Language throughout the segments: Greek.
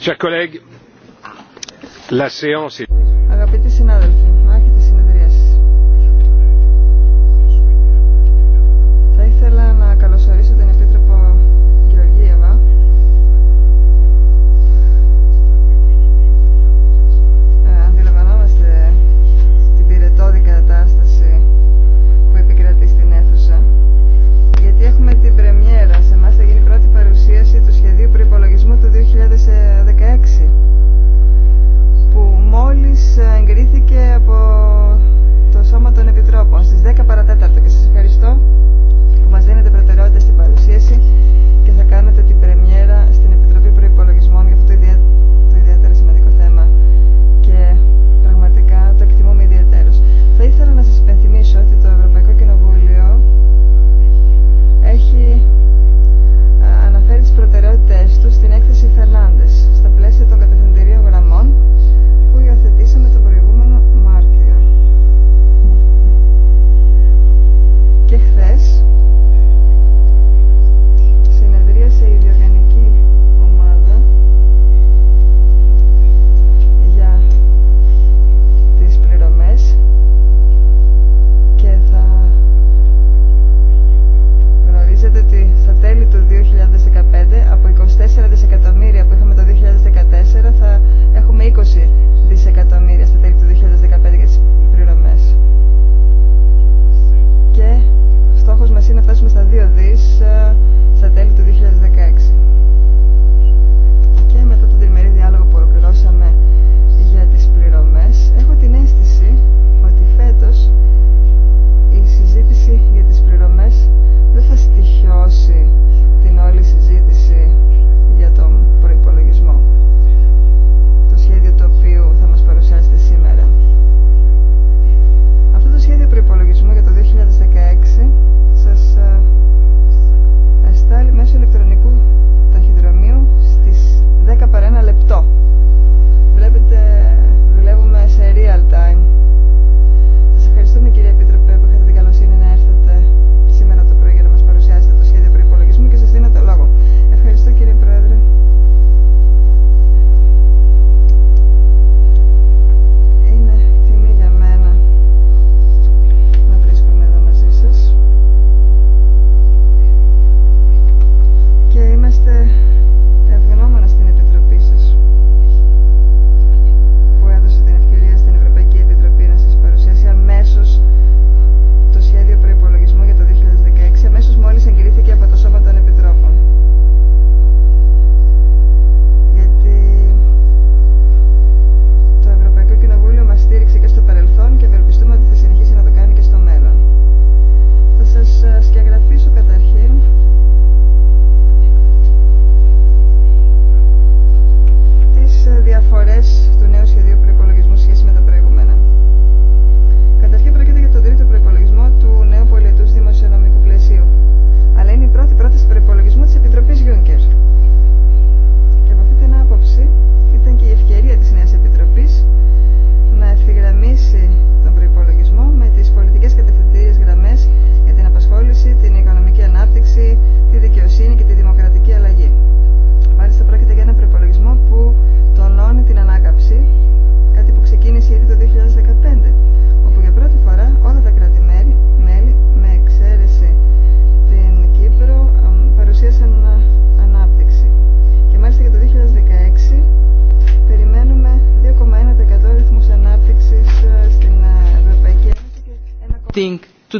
Chers collègues, la séance est...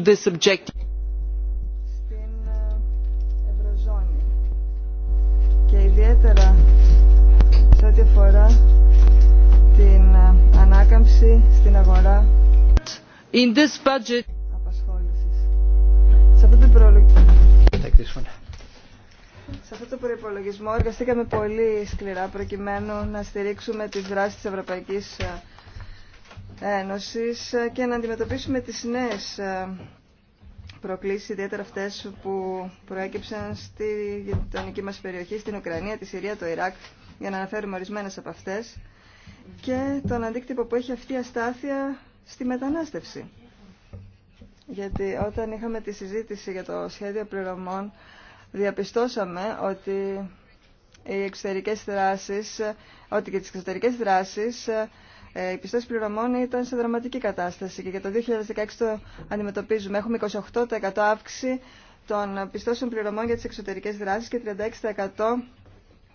Στην ε, Ευρωζώνη και ιδιαίτερα σε ό,τι αφορά την ε, ανάκαμψη στην αγορά In this budget... απασχόλησης. Σε αυτό το προλογισμό... Σε προπολογισμό εργαστήκαμε πολύ σκληρά προκειμένου να στηρίξουμε τις δράσεις της Ευρωπαϊκής ε, και να αντιμετωπίσουμε τις νέες ε, προκλήσεις, ιδιαίτερα αυτές που προέκυψαν στη γειτονική μας περιοχή, στην Ουκρανία, τη Συρία, το Ιράκ, για να αναφέρουμε ορισμένε από αυτές, και τον αντίκτυπο που έχει αυτή η αστάθεια στη μετανάστευση. Γιατί όταν είχαμε τη συζήτηση για το σχέδιο πληρωμών, διαπιστώσαμε ότι οι εξωτερικές δράσεις, ότι και τις εξωτερικές δράσεις ε, οι πιστώσεις πληρωμών ήταν σε δραματική κατάσταση και για το 2016 το αντιμετωπίζουμε. Έχουμε 28% αύξηση των πιστώσεων πληρωμών για τι εξωτερικέ δράσεις και 36%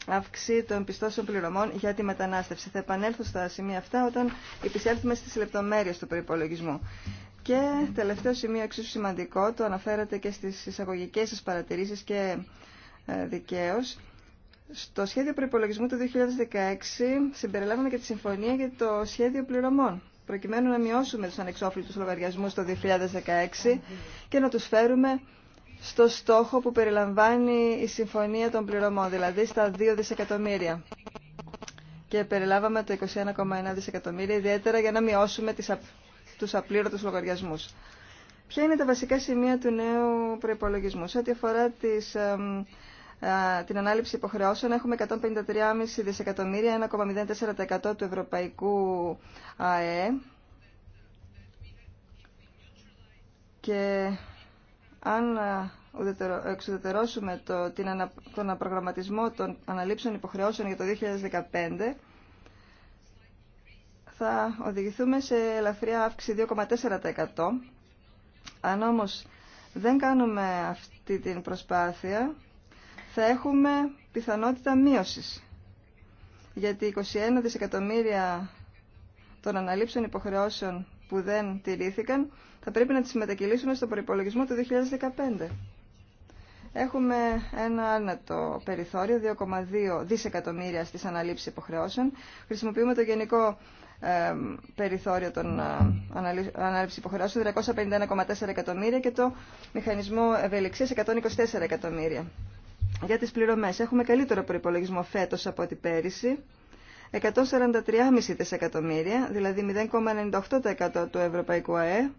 αύξηση των πιστώσεων πληρωμών για τη μετανάστευση. Θα επανέλθω στα σημεία αυτά όταν επισέλθουμε στις λεπτομέρειες του προπολογισμού. Και τελευταίο σημείο εξίσου σημαντικό, το αναφέρατε και στις εισαγωγικές σας παρατηρήσεις και ε, δικαίως, στο σχέδιο προπολογισμού του 2016 συμπεριλάβαμε και τη συμφωνία για το σχέδιο πληρωμών, προκειμένου να μειώσουμε τους ανεξόφλητους λογαριασμούς το 2016 και να τους φέρουμε στο στόχο που περιλαμβάνει η συμφωνία των πληρωμών, δηλαδή στα 2 δισεκατομμύρια. Και περιλάβαμε το 21,1 δισεκατομμύρια, ιδιαίτερα για να μειώσουμε τις, τους απλήρωτους λογαριασμούς. Ποια είναι τα βασικά σημεία του νέου προπολογισμού, ό,τι αφορά τις την ανάληψη υποχρεώσεων έχουμε 153,5 δισεκατομμύρια, 1,04% του ευρωπαϊκού ΑΕ. Και αν εξουδετερώσουμε το, την, τον προγραμματισμό των αναλήψεων υποχρεώσεων για το 2015, θα οδηγηθούμε σε ελαφριά αύξηση 2,4%. Αν όμως δεν κάνουμε αυτή την προσπάθεια, θα έχουμε πιθανότητα μείωσης. Γιατί 21 δισεκατομμύρια των αναλήψεων υποχρεώσεων που δεν τηρήθηκαν θα πρέπει να τις μετακυλήσουμε στον προϋπολογισμό του 2015. Έχουμε ένα άνετο περιθώριο, 2,2 δισεκατομμύρια στις αναλήψεις υποχρεώσεων. Χρησιμοποιούμε το γενικό ε, περιθώριο των ε, αναλήψεων υποχρεώσεων, 351,4 εκατομμύρια και το μηχανισμό ευελιξίας 124 εκατομμύρια για τις πληρωμές. Έχουμε καλύτερο προϋπολογισμό φέτος από την πέρυσι. 143,5 δισεκατομμύρια, δηλαδή 0,98% του Ευρωπαϊκού ΑΕ,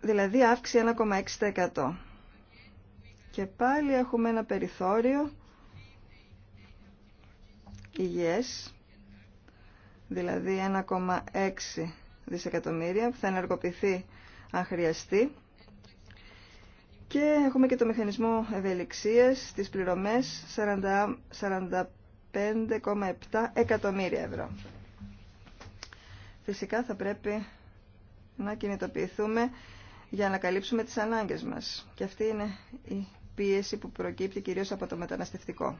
δηλαδή αύξηση 1,6%. Και πάλι έχουμε ένα περιθώριο υγιές, δηλαδή 1,6 δισεκατομμύρια, που θα ενεργοποιηθεί αν χρειαστεί. Και έχουμε και το μηχανισμό ευελιξίας στις πληρωμές 45,7 εκατομμύρια ευρώ. Φυσικά θα πρέπει να κινητοποιηθούμε για να καλύψουμε τις ανάγκες μας. Και αυτή είναι η πίεση που προκύπτει κυρίως από το μεταναστευτικό.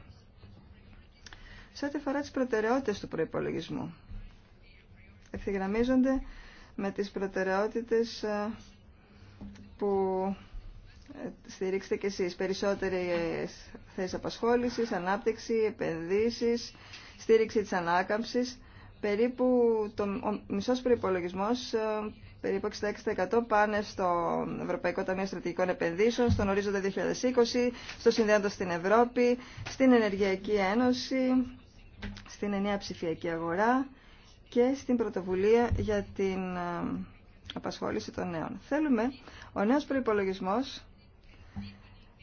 Σε ό,τι αφορά τις προτεραιότητες του προϋπολογισμού, ευθυγραμμίζονται με τις προτεραιότητες ε, που Στήριξτε και εσείς περισσότερες θέσεις απασχόλησης, ανάπτυξη, επενδύσεις, στήριξη της ανάκαμψης. Περίπου το, ο μισός προϋπολογισμός, ε, περίπου 66% πάνε στο Ευρωπαϊκό Ταμείο Στρατηγικών Επενδύσεων, στον Ορίζοντα 2020, στο Συνδέοντο στην Ευρώπη, στην Ενεργειακή Ένωση, στην Ενιαία Ψηφιακή Αγορά και στην Πρωτοβουλία για την ε, απασχόληση των νέων. Θέλουμε ο νέος προϋπολογισμός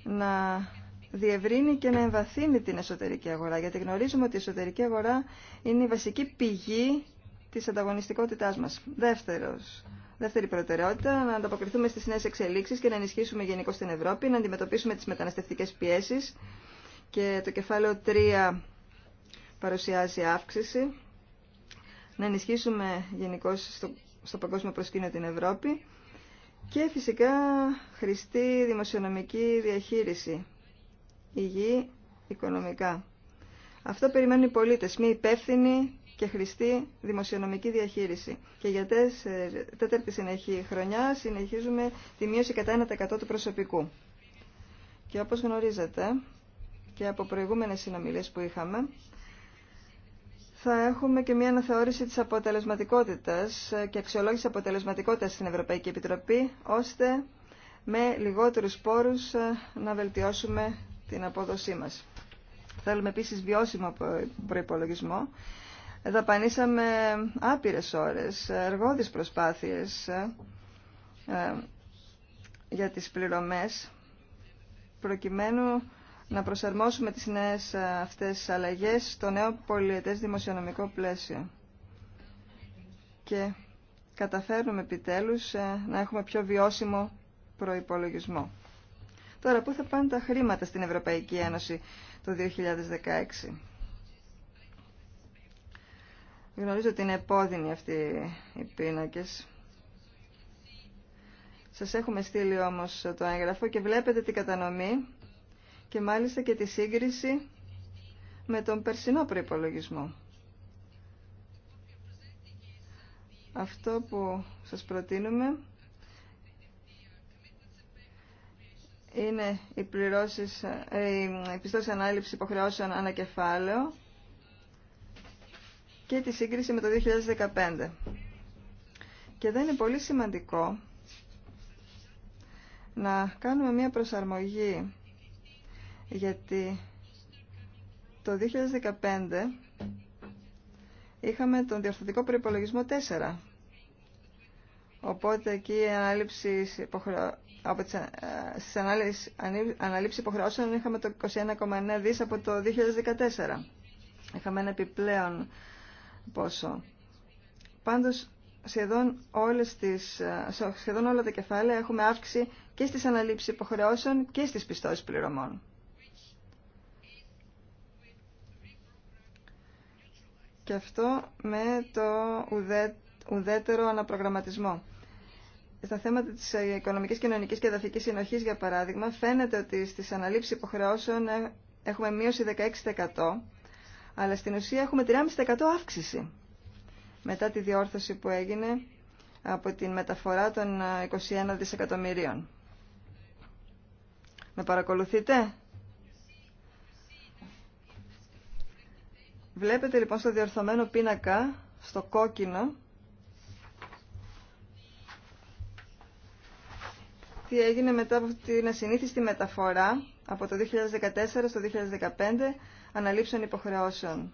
να διευρύνει και να εμβαθύνει την εσωτερική αγορά, γιατί γνωρίζουμε ότι η εσωτερική αγορά είναι η βασική πηγή της ανταγωνιστικότητάς μας. Δεύτερος, δεύτερη προτεραιότητα, να ανταποκριθούμε στις νέες εξελίξεις και να ενισχύσουμε γενικώ την Ευρώπη, να αντιμετωπίσουμε τις μεταναστευτικές πιέσεις και το κεφάλαιο 3 παρουσιάζει αύξηση, να ενισχύσουμε γενικώ στο, στο παγκόσμιο προσκήνιο την Ευρώπη και φυσικά χρηστή δημοσιονομική διαχείριση, υγιή οικονομικά. Αυτό περιμένουν οι πολίτες, μη υπεύθυνη και χρηστή δημοσιονομική διαχείριση. Και για τέταρτη συνεχή χρονιά συνεχίζουμε τη μείωση κατά 1% του προσωπικού. Και όπως γνωρίζετε και από προηγούμενες συνομιλίες που είχαμε, θα έχουμε και μια αναθεώρηση της αποτελεσματικότητας και αξιολόγηση αποτελεσματικότητας στην Ευρωπαϊκή Επιτροπή, ώστε με λιγότερους πόρους ε, να βελτιώσουμε την απόδοσή μας. Θέλουμε επίσης βιώσιμο προϋπολογισμό. Δαπανίσαμε άπειρες ώρες, εργόδεις προσπάθειες ε, ε, για τις πληρωμές, προκειμένου να προσαρμόσουμε τις νέες ε, αυτές αλλαγές στο νέο πολιετές δημοσιονομικό πλαίσιο. Και καταφέρνουμε επιτέλους ε, να έχουμε πιο βιώσιμο προϋπολογισμό. Τώρα, πού θα πάνε τα χρήματα στην Ευρωπαϊκή Ένωση το 2016. Γνωρίζω ότι είναι επώδυνοι αυτοί οι πίνακες. Σας έχουμε στείλει όμως το έγγραφο και βλέπετε την κατανομή και μάλιστα και τη σύγκριση με τον περσινό προϋπολογισμό. Αυτό που σας προτείνουμε είναι ε, η πληρώσεις, οι πιστώσεις ανάληψης υποχρεώσεων ανακεφάλαιο και τη σύγκριση με το 2015. Και δεν είναι πολύ σημαντικό να κάνουμε μια προσαρμογή γιατί το 2015 είχαμε τον διορθωτικό προϋπολογισμό 4. Οπότε εκεί η ανάληψη από τις, ε, στις αναλήψεις υποχρεώσεων είχαμε το 21,9 δις από το 2014. Είχαμε ένα επιπλέον πόσο. Πάντως σχεδόν, όλες τις, ε, σχεδόν όλα τα κεφάλαια έχουμε αύξηση και στις αναλήψεις υποχρεώσεων και στις πιστώσεις πληρωμών. Και αυτό με το ουδέτερο αναπρογραμματισμό. Στα θέματα της ε, οικονομικής, κοινωνικής και εδαφικής συνοχής, για παράδειγμα, φαίνεται ότι στις αναλήψεις υποχρεώσεων ε, έχουμε μείωση 16%, αλλά στην ουσία έχουμε 3,5% αύξηση. Μετά τη διόρθωση που έγινε από την μεταφορά των 21 ε, δισεκατομμυρίων. Με παρακολουθείτε? Βλέπετε λοιπόν στο διορθωμένο πίνακα, στο κόκκινο, τι έγινε μετά από την ασυνήθιστη μεταφορά από το 2014 στο 2015 αναλήψεων υποχρεώσεων.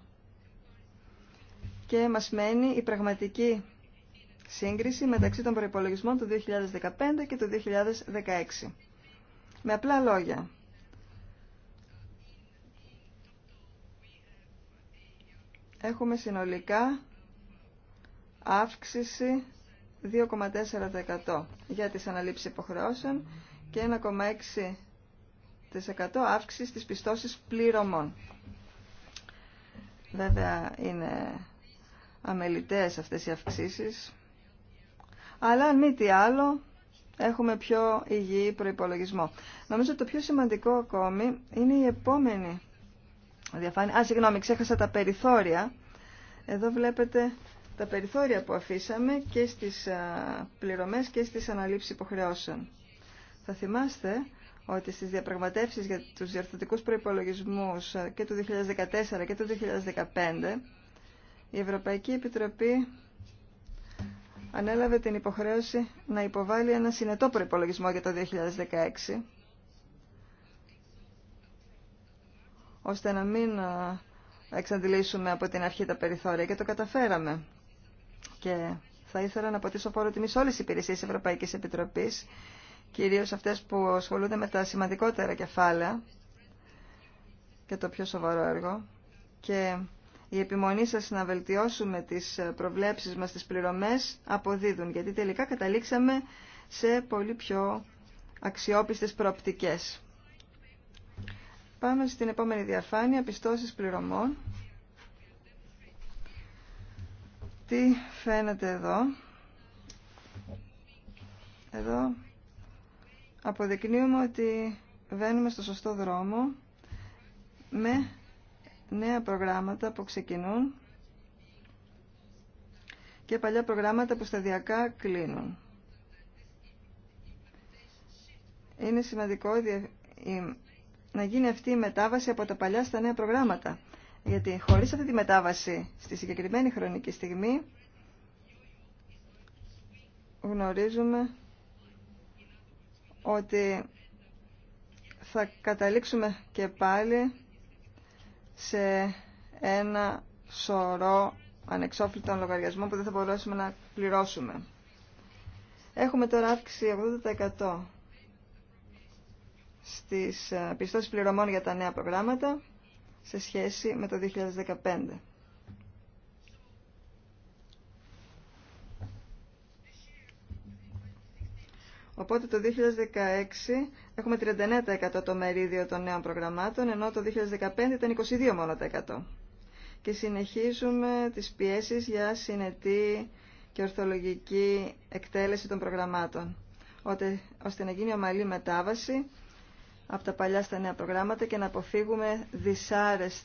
Και μας μένει η πραγματική σύγκριση μεταξύ των προϋπολογισμών του 2015 και του 2016. Με απλά λόγια. έχουμε συνολικά αύξηση 2,4% για τις αναλήψεις υποχρεώσεων και 1,6% αύξηση της πιστώσεις πληρωμών. Βέβαια είναι αμελητές αυτές οι αυξήσεις, αλλά αν μη τι άλλο έχουμε πιο υγιή προϋπολογισμό. Νομίζω το πιο σημαντικό ακόμη είναι η επόμενη διαφάνεια. Α, συγγνώμη, ξέχασα τα περιθώρια. Εδώ βλέπετε τα περιθώρια που αφήσαμε και στις πληρωμές και στις αναλήψεις υποχρεώσεων. Θα θυμάστε ότι στις διαπραγματεύσεις για τους διορθωτικούς προϋπολογισμούς και του 2014 και του 2015 η Ευρωπαϊκή Επιτροπή ανέλαβε την υποχρέωση να υποβάλει ένα συνετό προϋπολογισμό για το 2016 ώστε να μην εξαντλήσουμε από την αρχή τα περιθώρια και το καταφέραμε. Και θα ήθελα να αποτίσω φόρο τιμή σε όλες οι υπηρεσίες Ευρωπαϊκής Επιτροπής, κυρίως αυτές που ασχολούνται με τα σημαντικότερα κεφάλαια και το πιο σοβαρό έργο. Και η επιμονή σας να βελτιώσουμε τις προβλέψεις μας, τις πληρωμές, αποδίδουν, γιατί τελικά καταλήξαμε σε πολύ πιο αξιόπιστες προοπτικές. Πάμε στην επόμενη διαφάνεια, πιστώσεις πληρωμών. Τι φαίνεται εδώ. Εδώ αποδεικνύουμε ότι βαίνουμε στο σωστό δρόμο με νέα προγράμματα που ξεκινούν και παλιά προγράμματα που σταδιακά κλείνουν. Είναι σημαντικό να γίνει αυτή η μετάβαση από τα παλιά στα νέα προγράμματα. Γιατί χωρίς αυτή τη μετάβαση στη συγκεκριμένη χρονική στιγμή γνωρίζουμε ότι θα καταλήξουμε και πάλι σε ένα σωρό ανεξόφλητων λογαριασμών που δεν θα μπορέσουμε να πληρώσουμε. Έχουμε τώρα αύξηση 80% στις ε, πιστώσεις πληρωμών για τα νέα προγράμματα σε σχέση με το 2015. Οπότε το 2016 έχουμε 39% το μερίδιο των νέων προγραμμάτων, ενώ το 2015 ήταν 22 μόνο 100. Και συνεχίζουμε τις πιέσεις για συνετή και ορθολογική εκτέλεση των προγραμμάτων, ώστε να γίνει ομαλή μετάβαση από τα παλιά στα νέα προγράμματα και να αποφύγουμε δυσάρεστο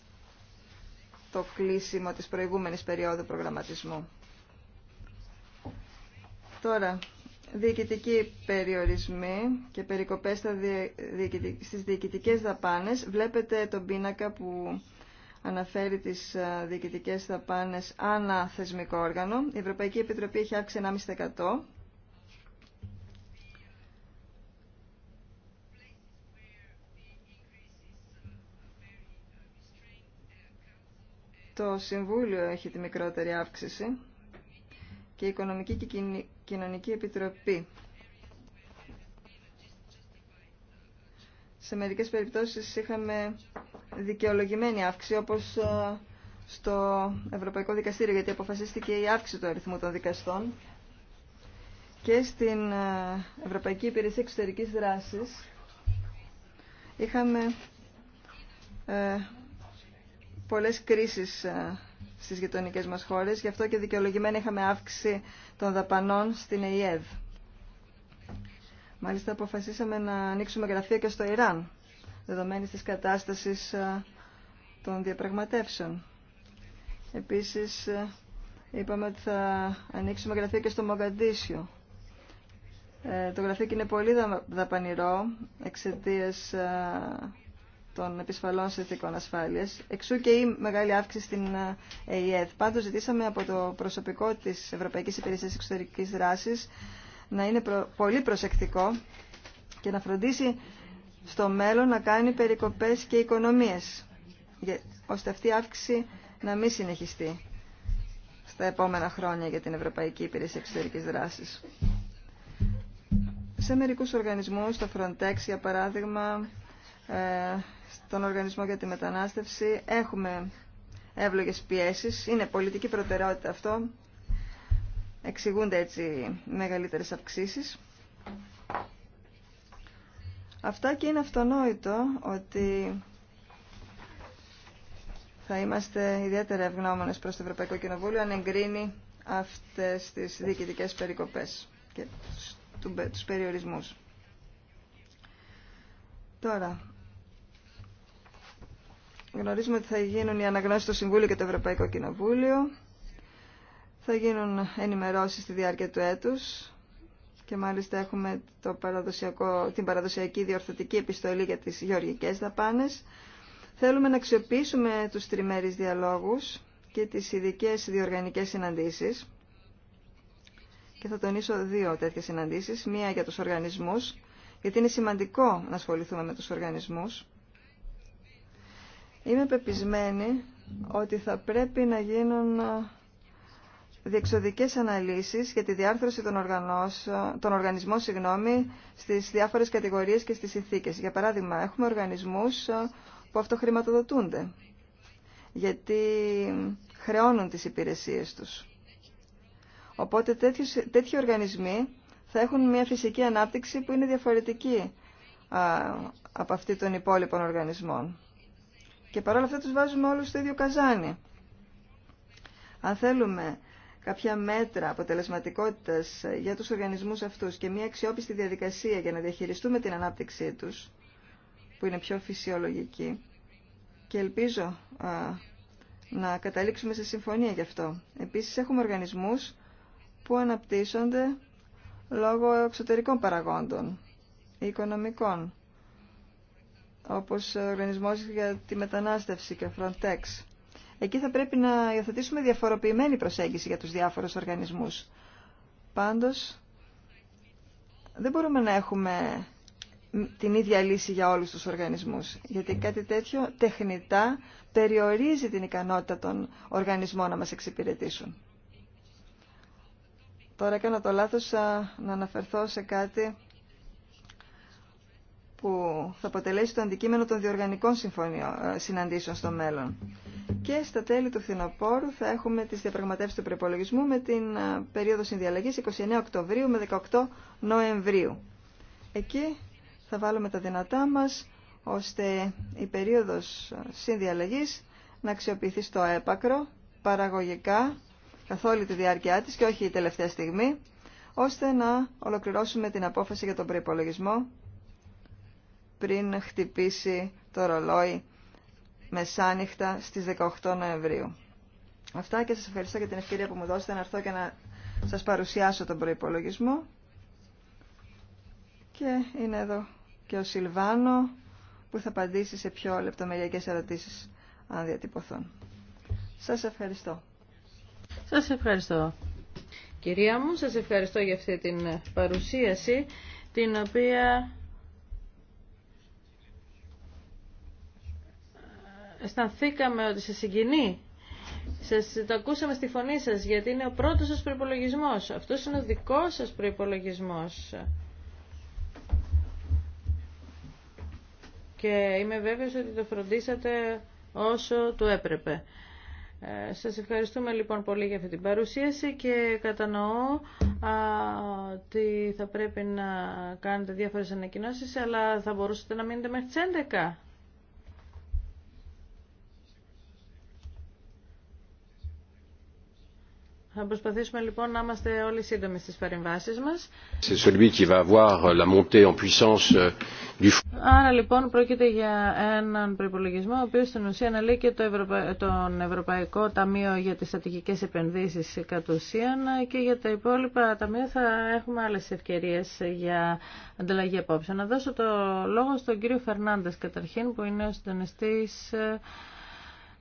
κλείσιμο της προηγούμενης περίοδου προγραμματισμού. Τώρα, διοικητικοί περιορισμοί και περικοπές στις διοικητικές δαπάνες. Βλέπετε τον πίνακα που αναφέρει τις διοικητικές δαπάνες ανά θεσμικό όργανο. Η Ευρωπαϊκή Επιτροπή έχει αύξηση 1,5% Το Συμβούλιο έχει τη μικρότερη αύξηση και η Οικονομική και Κοινωνική Επιτροπή. Σε μερικές περιπτώσεις είχαμε δικαιολογημένη αύξηση, όπως ε, στο Ευρωπαϊκό Δικαστήριο, γιατί αποφασίστηκε η αύξηση του αριθμού των δικαστών και στην ε, Ευρωπαϊκή Υπηρεσία Εξωτερικής Δράσης είχαμε ε, πολλές κρίσεις ε, στις γειτονικές μας χώρες, γι' αυτό και δικαιολογημένα είχαμε αύξηση των δαπανών στην ΕΙΕΔ. Μάλιστα αποφασίσαμε να ανοίξουμε γραφεία και στο Ιράν, δεδομένης της κατάστασης ε, των διαπραγματεύσεων. Επίσης, ε, είπαμε ότι θα ανοίξουμε γραφεία και στο Μογκαντήσιο. το γραφείο είναι πολύ δαπανηρό εξαιτίας των επισφαλών συνθήκων ασφάλειας. Εξού και η μεγάλη αύξηση στην Ε.Ε. Πάντως ζητήσαμε από το προσωπικό της Ευρωπαϊκής Υπηρεσίας Εξωτερικής Δράσης να είναι πολύ προσεκτικό και να φροντίσει στο μέλλον να κάνει περικοπές και οικονομίες, ώστε αυτή η αύξηση να μην συνεχιστεί στα επόμενα χρόνια για την Ευρωπαϊκή Υπηρεσία Εξωτερικής Δράσης. Σε μερικούς οργανισμούς, το Frontex για παράδειγμα, ε, στον Οργανισμό για τη Μετανάστευση έχουμε εύλογες πιέσεις. Είναι πολιτική προτεραιότητα αυτό. Εξηγούνται έτσι μεγαλύτερες αυξήσεις. Αυτά και είναι αυτονόητο ότι θα είμαστε ιδιαίτερα ευγνώμονες προς το Ευρωπαϊκό Κοινοβούλιο αν εγκρίνει αυτές τις διοικητικές περικοπές και τους περιορισμούς. Τώρα, Γνωρίζουμε ότι θα γίνουν οι αναγνώσεις στο Συμβούλιο και το Ευρωπαϊκό Κοινοβούλιο. Θα γίνουν ενημερώσεις στη διάρκεια του έτους και μάλιστα έχουμε το παραδοσιακό, την παραδοσιακή διορθωτική επιστολή για τις γεωργικές δαπάνες. Θέλουμε να αξιοποιήσουμε τους τριμέρεις διαλόγους και τις ειδικέ διοργανικές συναντήσεις και θα τονίσω δύο τέτοιε συναντήσεις, μία για τους οργανισμούς, γιατί είναι σημαντικό να ασχοληθούμε με τους οργανισμούς Είμαι πεπισμένη ότι θα πρέπει να γίνουν ε, διεξοδικές αναλύσεις για τη διάρθρωση των, οργανισμών συγγνώμη, στις διάφορες κατηγορίες και στις ηθίκες. Για παράδειγμα, έχουμε οργανισμούς ε, που αυτοχρηματοδοτούνται, γιατί χρεώνουν τις υπηρεσίες τους. Οπότε τέτοιοι οργανισμοί θα έχουν μια φυσική ανάπτυξη που είναι διαφορετική ε, από αυτή των υπόλοιπων οργανισμών. Και παρόλα αυτά τους βάζουμε όλους στο ίδιο καζάνι. Αν θέλουμε κάποια μέτρα αποτελεσματικότητας για τους οργανισμούς αυτούς και μια αξιόπιστη διαδικασία για να διαχειριστούμε την ανάπτυξή τους, που είναι πιο φυσιολογική, και ελπίζω να καταλήξουμε σε συμφωνία γι' αυτό. Επίσης έχουμε οργανισμούς που αναπτύσσονται λόγω εξωτερικών παραγόντων, οικονομικών όπως ο Οργανισμός για τη Μετανάστευση και Frontex. Εκεί θα πρέπει να υιοθετήσουμε διαφοροποιημένη προσέγγιση για τους διάφορους οργανισμούς. Πάντως, δεν μπορούμε να έχουμε την ίδια λύση για όλους τους οργανισμούς, γιατί κάτι τέτοιο τεχνητά περιορίζει την ικανότητα των οργανισμών να μας εξυπηρετήσουν. Τώρα έκανα το λάθος να αναφερθώ σε κάτι που θα αποτελέσει το αντικείμενο των διοργανικών ε, συναντήσεων στο μέλλον. Και στα τέλη του φθινοπόρου θα έχουμε τις διαπραγματεύσεις του προπολογισμού με την ε, περίοδο συνδιαλλαγής 29 Οκτωβρίου με 18 Νοεμβρίου. Εκεί θα βάλουμε τα δυνατά μας ώστε η περίοδος ε, συνδιαλλαγής να αξιοποιηθεί στο έπακρο, παραγωγικά, καθ' όλη τη διάρκειά της και όχι η τελευταία στιγμή, ώστε να ολοκληρώσουμε την απόφαση για τον προϋπολογισμό πριν χτυπήσει το ρολόι μεσάνυχτα στις 18 Νοεμβρίου. Αυτά και σας ευχαριστώ για την ευκαιρία που μου δώσετε να έρθω και να σας παρουσιάσω τον προϋπολογισμό. Και είναι εδώ και ο Σιλβάνο που θα απαντήσει σε πιο λεπτομεριακές ερωτήσεις αν διατυπωθούν. Σας ευχαριστώ. Σας ευχαριστώ. Κυρία μου, σας ευχαριστώ για αυτή την παρουσίαση την οποία αισθανθήκαμε ότι σε συγκινεί. Σας το ακούσαμε στη φωνή σας γιατί είναι ο πρώτος σας προπολογισμό. Αυτός είναι ο δικός σας προπολογισμό. Και είμαι βέβαιος ότι το φροντίσατε όσο του έπρεπε. Ε, σας ευχαριστούμε λοιπόν πολύ για αυτή την παρουσίαση και κατανοώ ότι θα πρέπει να κάνετε διάφορες ανακοινώσεις αλλά θα μπορούσατε να μείνετε μέχρι τις 11. Θα προσπαθήσουμε λοιπόν να είμαστε όλοι σύντομοι στις παρεμβάσεις μας. Άρα λοιπόν πρόκειται για έναν προπολογισμό ο οποίος στην ουσία αναλύει και το τον Ευρωπαϊκό Ταμείο για τις Στατικικές Επενδύσεις κατ' ουσίαν και για τα υπόλοιπα ταμεία θα έχουμε άλλες ευκαιρίες για ανταλλαγή απόψε. Να δώσω το λόγο στον κύριο Φερνάντες καταρχήν που είναι ο συντονιστής... Ε,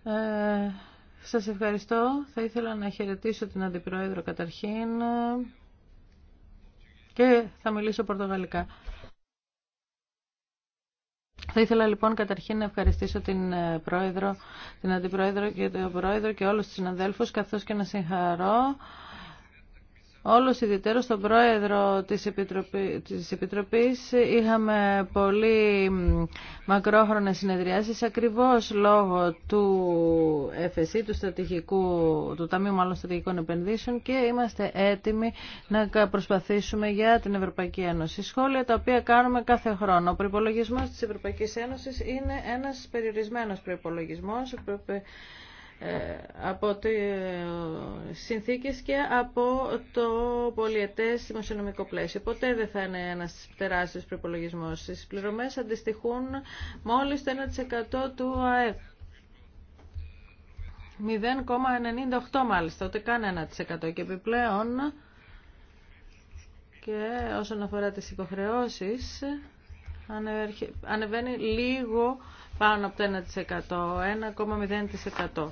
ε σας ευχαριστώ. Θα ήθελα να χαιρετήσω την Αντιπρόεδρο καταρχήν και θα μιλήσω πορτογαλικά. Θα ήθελα λοιπόν καταρχήν να ευχαριστήσω την ε, Πρόεδρο, την Αντιπρόεδρο και τον Πρόεδρο και όλους τους συναδέλφους καθώς και να συγχαρώ όλος ιδιαίτερο στον πρόεδρο της, Επιτροπή, της Επιτροπής είχαμε πολύ μακρόχρονες συνεδριάσεις ακριβώς λόγω του ΕΦΣΥ, του, στρατηγικού, του Ταμείου μάλλον Στρατηγικών Επενδύσεων και είμαστε έτοιμοι να προσπαθήσουμε για την Ευρωπαϊκή Ένωση. Σχόλια τα οποία κάνουμε κάθε χρόνο. Ο προπολογισμό της Ευρωπαϊκής Ένωσης είναι ένας περιορισμένος προπολογισμό ε, από τι ε, συνθήκες και από το πολιετές δημοσιονομικό πλαίσιο. Ποτέ δεν θα είναι ένας τεράστιος προϋπολογισμός. Οι πληρωμές αντιστοιχούν μόλις το 1% του ΑΕΠ. 0,98 μάλιστα, ούτε καν 1% και επιπλέον και όσον αφορά τις υποχρεώσεις ανεβαίνει λίγο πάνω από το 1%, 1,0%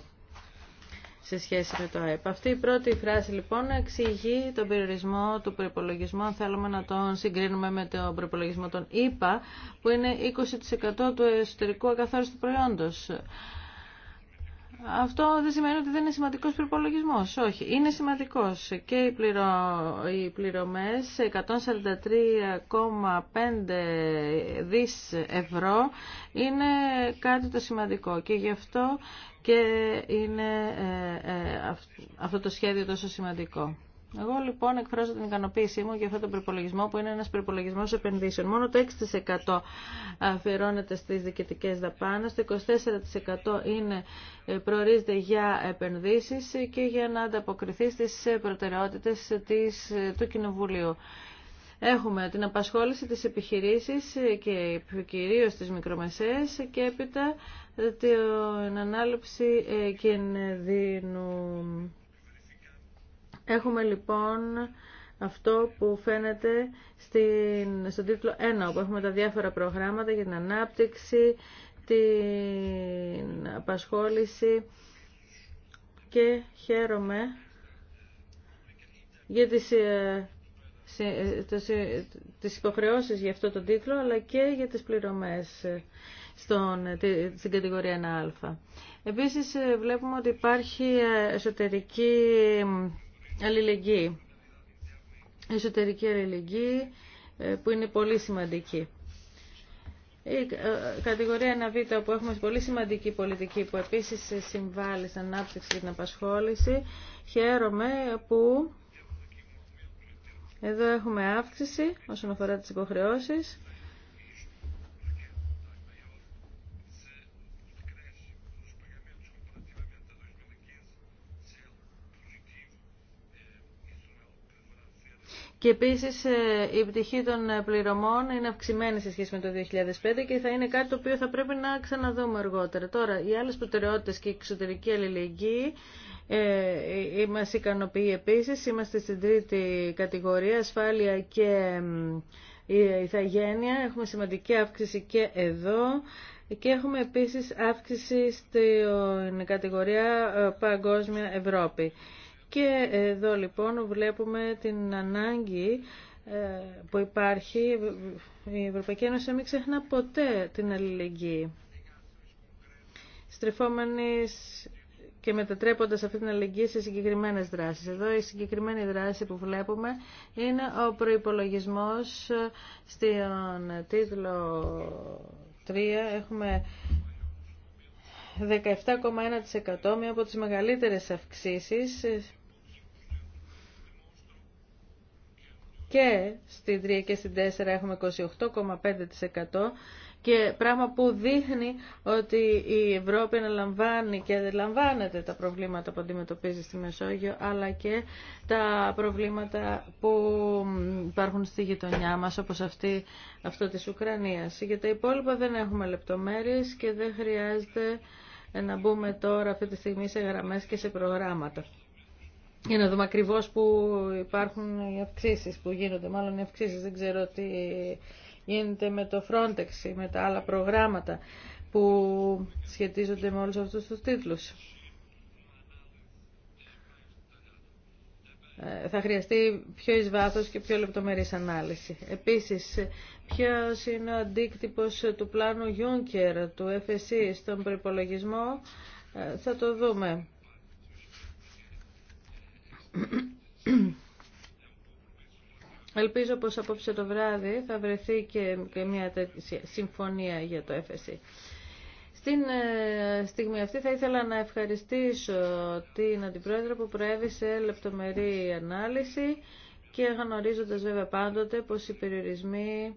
σε σχέση με το ΑΕΠ. Αυτή η πρώτη φράση λοιπόν εξηγεί τον περιορισμό του προπολογισμού, αν θέλουμε να τον συγκρίνουμε με τον προπολογισμό των ΙΠΑ, που είναι 20% του εσωτερικού ακαθάριστου προϊόντο. Αυτό δεν σημαίνει ότι δεν είναι σημαντικός προπολογισμό. Όχι, είναι σημαντικός και οι, πληρω... οι πληρωμές 143,5 δι ευρώ είναι κάτι το σημαντικό και γι' αυτό και είναι ε, ε, αυτό το σχέδιο τόσο σημαντικό. Εγώ λοιπόν εκφράζω την ικανοποίησή μου για αυτό το προπολογισμό που είναι ένας προπολογισμό επενδύσεων. Μόνο το 6% αφιερώνεται στις διοικητικές δαπάνες, το 24% είναι, ε, προορίζεται για επενδύσεις και για να ανταποκριθεί στις προτεραιότητες της, του Κοινοβουλίου. Έχουμε την απασχόληση της επιχειρήσης και κυρίως της μικρομεσαίες και έπειτα την ανάληψη ε, κινδύνου. Έχουμε λοιπόν αυτό που φαίνεται στην, στον τίτλο 1, όπου έχουμε τα διάφορα προγράμματα για την ανάπτυξη, την απασχόληση και χαίρομαι για τις ε, τις υποχρεώσεις για αυτό το τίτλο, αλλά και για τις πληρωμές στον, στην κατηγορία 1α. Επίσης ε, βλέπουμε ότι υπάρχει ε, εσωτερική αλληλεγγύη. Εσωτερική αλληλεγγύη ε, που είναι πολύ σημαντική. Η κατηγορία 1β που έχουμε πολύ σημαντική πολιτική που επίσης συμβάλλει στην ανάπτυξη και την απασχόληση. Χαίρομαι που εδώ έχουμε αύξηση όσον αφορά τις υποχρεώσεις. Και επίση ε, η πτυχή των ε, πληρωμών είναι αυξημένη σε σχέση με το 2005 και θα είναι κάτι το οποίο θα πρέπει να ξαναδούμε αργότερα. Τώρα, οι άλλε προτεραιότητε και η εξωτερική αλληλεγγύη ε, ε, μας ικανοποιεί επίσης. Είμαστε στην τρίτη κατηγορία, ασφάλεια και ηθαγένεια. Έχουμε σημαντική αύξηση και εδώ. Και έχουμε επίσης αύξηση στην κατηγορία ε, Παγκόσμια Ευρώπη. Και εδώ λοιπόν βλέπουμε την ανάγκη ε, που υπάρχει. Η Ευρωπαϊκή Ένωση μην ξεχνά ποτέ την αλληλεγγύη. Στρεφόμενης και μετατρέποντας αυτή την αλληλεγγύη σε συγκεκριμένες δράσεις. Εδώ η συγκεκριμένη δράση που βλέπουμε είναι ο προϋπολογισμός στην τίτλο 3. Έχουμε 17,1% μία από τις μεγαλύτερες αυξήσεις και στην 3 και στην 4 έχουμε 28,5% και πράγμα που δείχνει ότι η Ευρώπη αναλαμβάνει και αντιλαμβάνεται τα προβλήματα που αντιμετωπίζει στη Μεσόγειο αλλά και τα προβλήματα που υπάρχουν στη γειτονιά μας όπως αυτή, αυτό της Ουκρανίας. Για τα υπόλοιπα δεν έχουμε λεπτομέρειες και δεν χρειάζεται να μπούμε τώρα αυτή τη στιγμή σε γραμμές και σε προγράμματα. Για να δούμε ακριβώ που υπάρχουν οι αυξήσει που γίνονται. Μάλλον οι αυξήσει δεν ξέρω τι γίνεται με το Frontex, με τα άλλα προγράμματα που σχετίζονται με όλους αυτούς τους τίτλους. Ε, θα χρειαστεί πιο εις βάθος και πιο λεπτομερής ανάλυση. Επίσης, ποιος είναι ο αντίκτυπος του πλάνου Juncker, του FSE, στον προϋπολογισμό, ε, θα το δούμε. Ελπίζω πως απόψε το βράδυ θα βρεθεί και μια συμφωνία για το FSC. Στην ε, στιγμή αυτή θα ήθελα να ευχαριστήσω την Αντιπρόεδρο που προέβησε λεπτομερή ανάλυση και γνωρίζοντα βέβαια πάντοτε πως οι περιορισμοί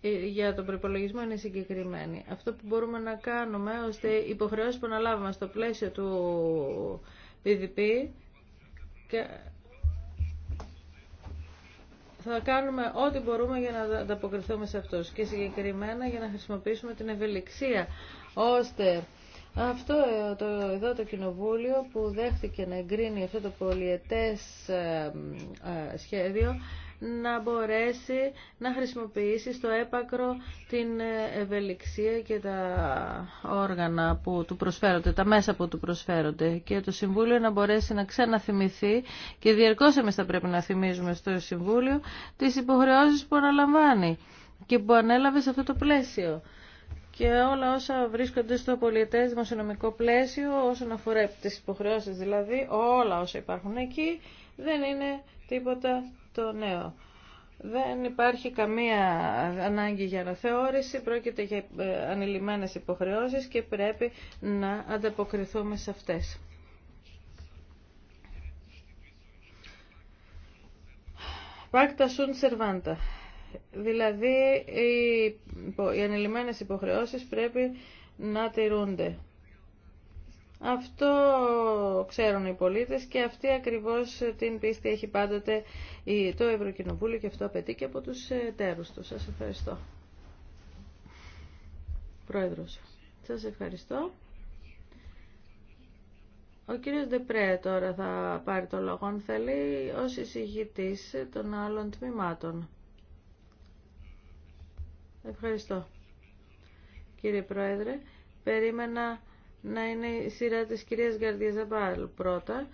ε, για τον προπολογισμό είναι συγκεκριμένοι. Αυτό που μπορούμε να κάνουμε ώστε οι υποχρεώσεις που αναλάβουμε στο πλαίσιο του PDP θα κάνουμε ό,τι μπορούμε για να ανταποκριθούμε σε αυτούς και συγκεκριμένα για να χρησιμοποιήσουμε την ευελιξία ώστε αυτό ε, το, εδώ το κοινοβούλιο που δέχτηκε να εγκρίνει αυτό το πολιετές ε, ε, σχέδιο να μπορέσει να χρησιμοποιήσει στο έπακρο την ευελιξία και τα όργανα που του προσφέρονται, τα μέσα που του προσφέρονται και το Συμβούλιο να μπορέσει να ξαναθυμηθεί και διαρκώς εμείς θα πρέπει να θυμίζουμε στο Συμβούλιο τις υποχρεώσεις που αναλαμβάνει και που ανέλαβε σε αυτό το πλαίσιο και όλα όσα βρίσκονται στο πολιτέ δημοσιονομικό πλαίσιο όσον αφορά τις υποχρεώσεις δηλαδή όλα όσα υπάρχουν εκεί δεν είναι τίποτα το νέο. Δεν υπάρχει καμία ανάγκη για αναθεώρηση, πρόκειται για ε, ανηλυμένες υποχρεώσεις και πρέπει να ανταποκριθούμε σε αυτές. Πάκτα σουν σερβάντα. Δηλαδή οι ανηλυμένες υποχρεώσεις πρέπει να τηρούνται. Αυτό ξέρουν οι πολίτες και αυτή ακριβώς την πίστη έχει πάντοτε το Ευρωκοινοβούλιο και αυτό απαιτεί και από τους ε, εταίρους του. Σας ευχαριστώ. Πρόεδρος, σας ευχαριστώ. Ο κύριος Ντεπρέ τώρα θα πάρει το λόγο, αν θέλει, ως εισηγητής των άλλων τμήματων. Ευχαριστώ. Κύριε Πρόεδρε, περίμενα να είναι η σειρά της κυρίας Γκάρδια Ζαμπάλ πρώτα.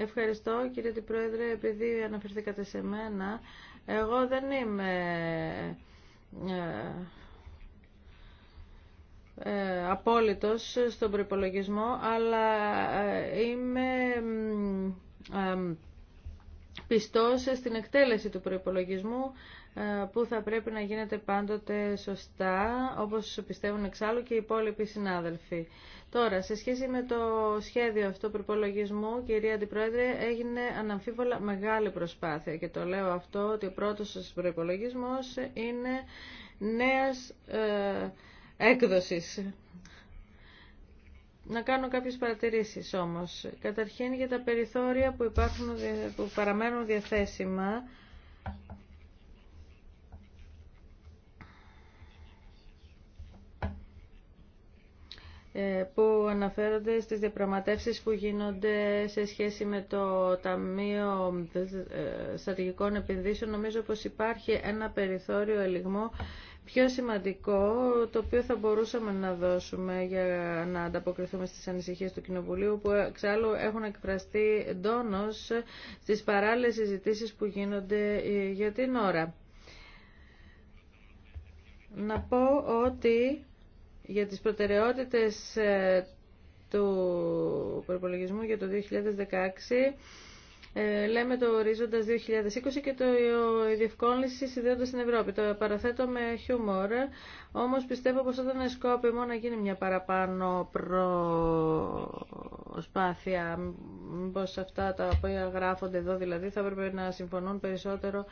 Ευχαριστώ κύριε την Πρόεδρε, επειδή αναφερθήκατε σε μένα. Εγώ δεν είμαι ε, ε απόλυτος στον προπολογισμό, αλλά ε, είμαι ε, πιστός στην εκτέλεση του προϋπολογισμού ε, που θα πρέπει να γίνεται πάντοτε σωστά, όπως πιστεύουν εξάλλου και οι υπόλοιποι συνάδελφοι. Τώρα, σε σχέση με το σχέδιο αυτό προπολογισμού, κυρία Αντιπρόεδρε, έγινε αναμφίβολα μεγάλη προσπάθεια και το λέω αυτό ότι ο πρώτος σας προϋπολογισμός είναι νέας ε, έκδοσης. Να κάνω κάποιες παρατηρήσεις όμως. Καταρχήν για τα περιθώρια που, υπάρχουν, που παραμένουν διαθέσιμα, Ε, που αναφέρονται στις διαπραγματεύσεις που γίνονται σε σχέση με το Ταμείο ε, Στρατηγικών Επενδύσεων. Νομίζω πως υπάρχει ένα περιθώριο ελιγμό πιο σημαντικό, το οποίο θα μπορούσαμε να δώσουμε για να ανταποκριθούμε στις ανησυχίες του Κοινοβουλίου, που ε, εξάλλου έχουν εκφραστεί εντόνως στις παράλληλες συζητήσεις που γίνονται για την ώρα. Να πω ότι για τις προτεραιότητες ε, του προπολογισμού για το 2016 ε, λέμε το ορίζοντας 2020 και το η διευκόλυνση συνδέοντας στην Ευρώπη. Το παραθέτω με χιούμορ, όμως πιστεύω πως όταν είναι σκόπιμο να γίνει μια παραπάνω προσπάθεια, πως αυτά τα οποία γράφονται εδώ δηλαδή θα έπρεπε να συμφωνούν περισσότερο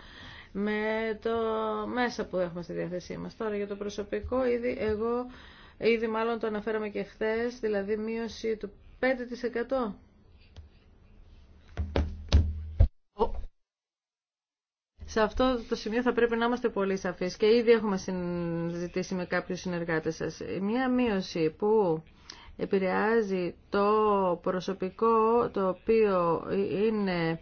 με το μέσα που έχουμε στη διάθεσή μας. Τώρα για το προσωπικό ήδη εγώ Ήδη μάλλον το αναφέραμε και χθε, δηλαδή μείωση του 5%. Σε αυτό το σημείο θα πρέπει να είμαστε πολύ σαφείς και ήδη έχουμε συζητήσει με κάποιους συνεργάτες σας. Μία μείωση που επηρεάζει το προσωπικό το οποίο είναι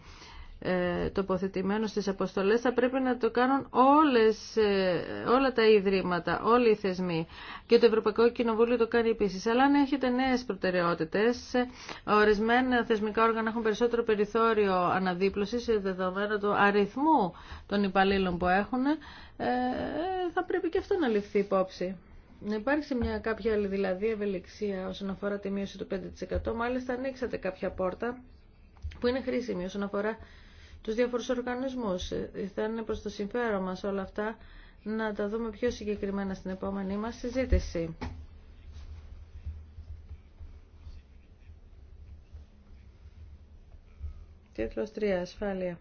ε, τοποθετημένο στις αποστολές θα πρέπει να το κάνουν όλες, ε, όλα τα ιδρύματα, όλοι οι θεσμοί και το Ευρωπαϊκό Κοινοβούλιο το κάνει επίσης. Αλλά αν έχετε νέες προτεραιότητες, ορισμένα θεσμικά όργανα έχουν περισσότερο περιθώριο αναδίπλωσης ε, δεδομένο του αριθμού των υπαλλήλων που έχουν, θα πρέπει και αυτό να ληφθεί υπόψη. Να υπάρξει μια κάποια άλλη δηλαδή ευελιξία όσον αφορά τη μείωση του 5%. Μάλιστα ανοίξατε κάποια πόρτα που είναι χρήσιμη όσον αφορά τους διάφορους οργανισμούς. Θα είναι προς το συμφέρον μας όλα αυτά να τα δούμε πιο συγκεκριμένα στην επόμενή μας συζήτηση. Τίτλος 3. Ασφάλεια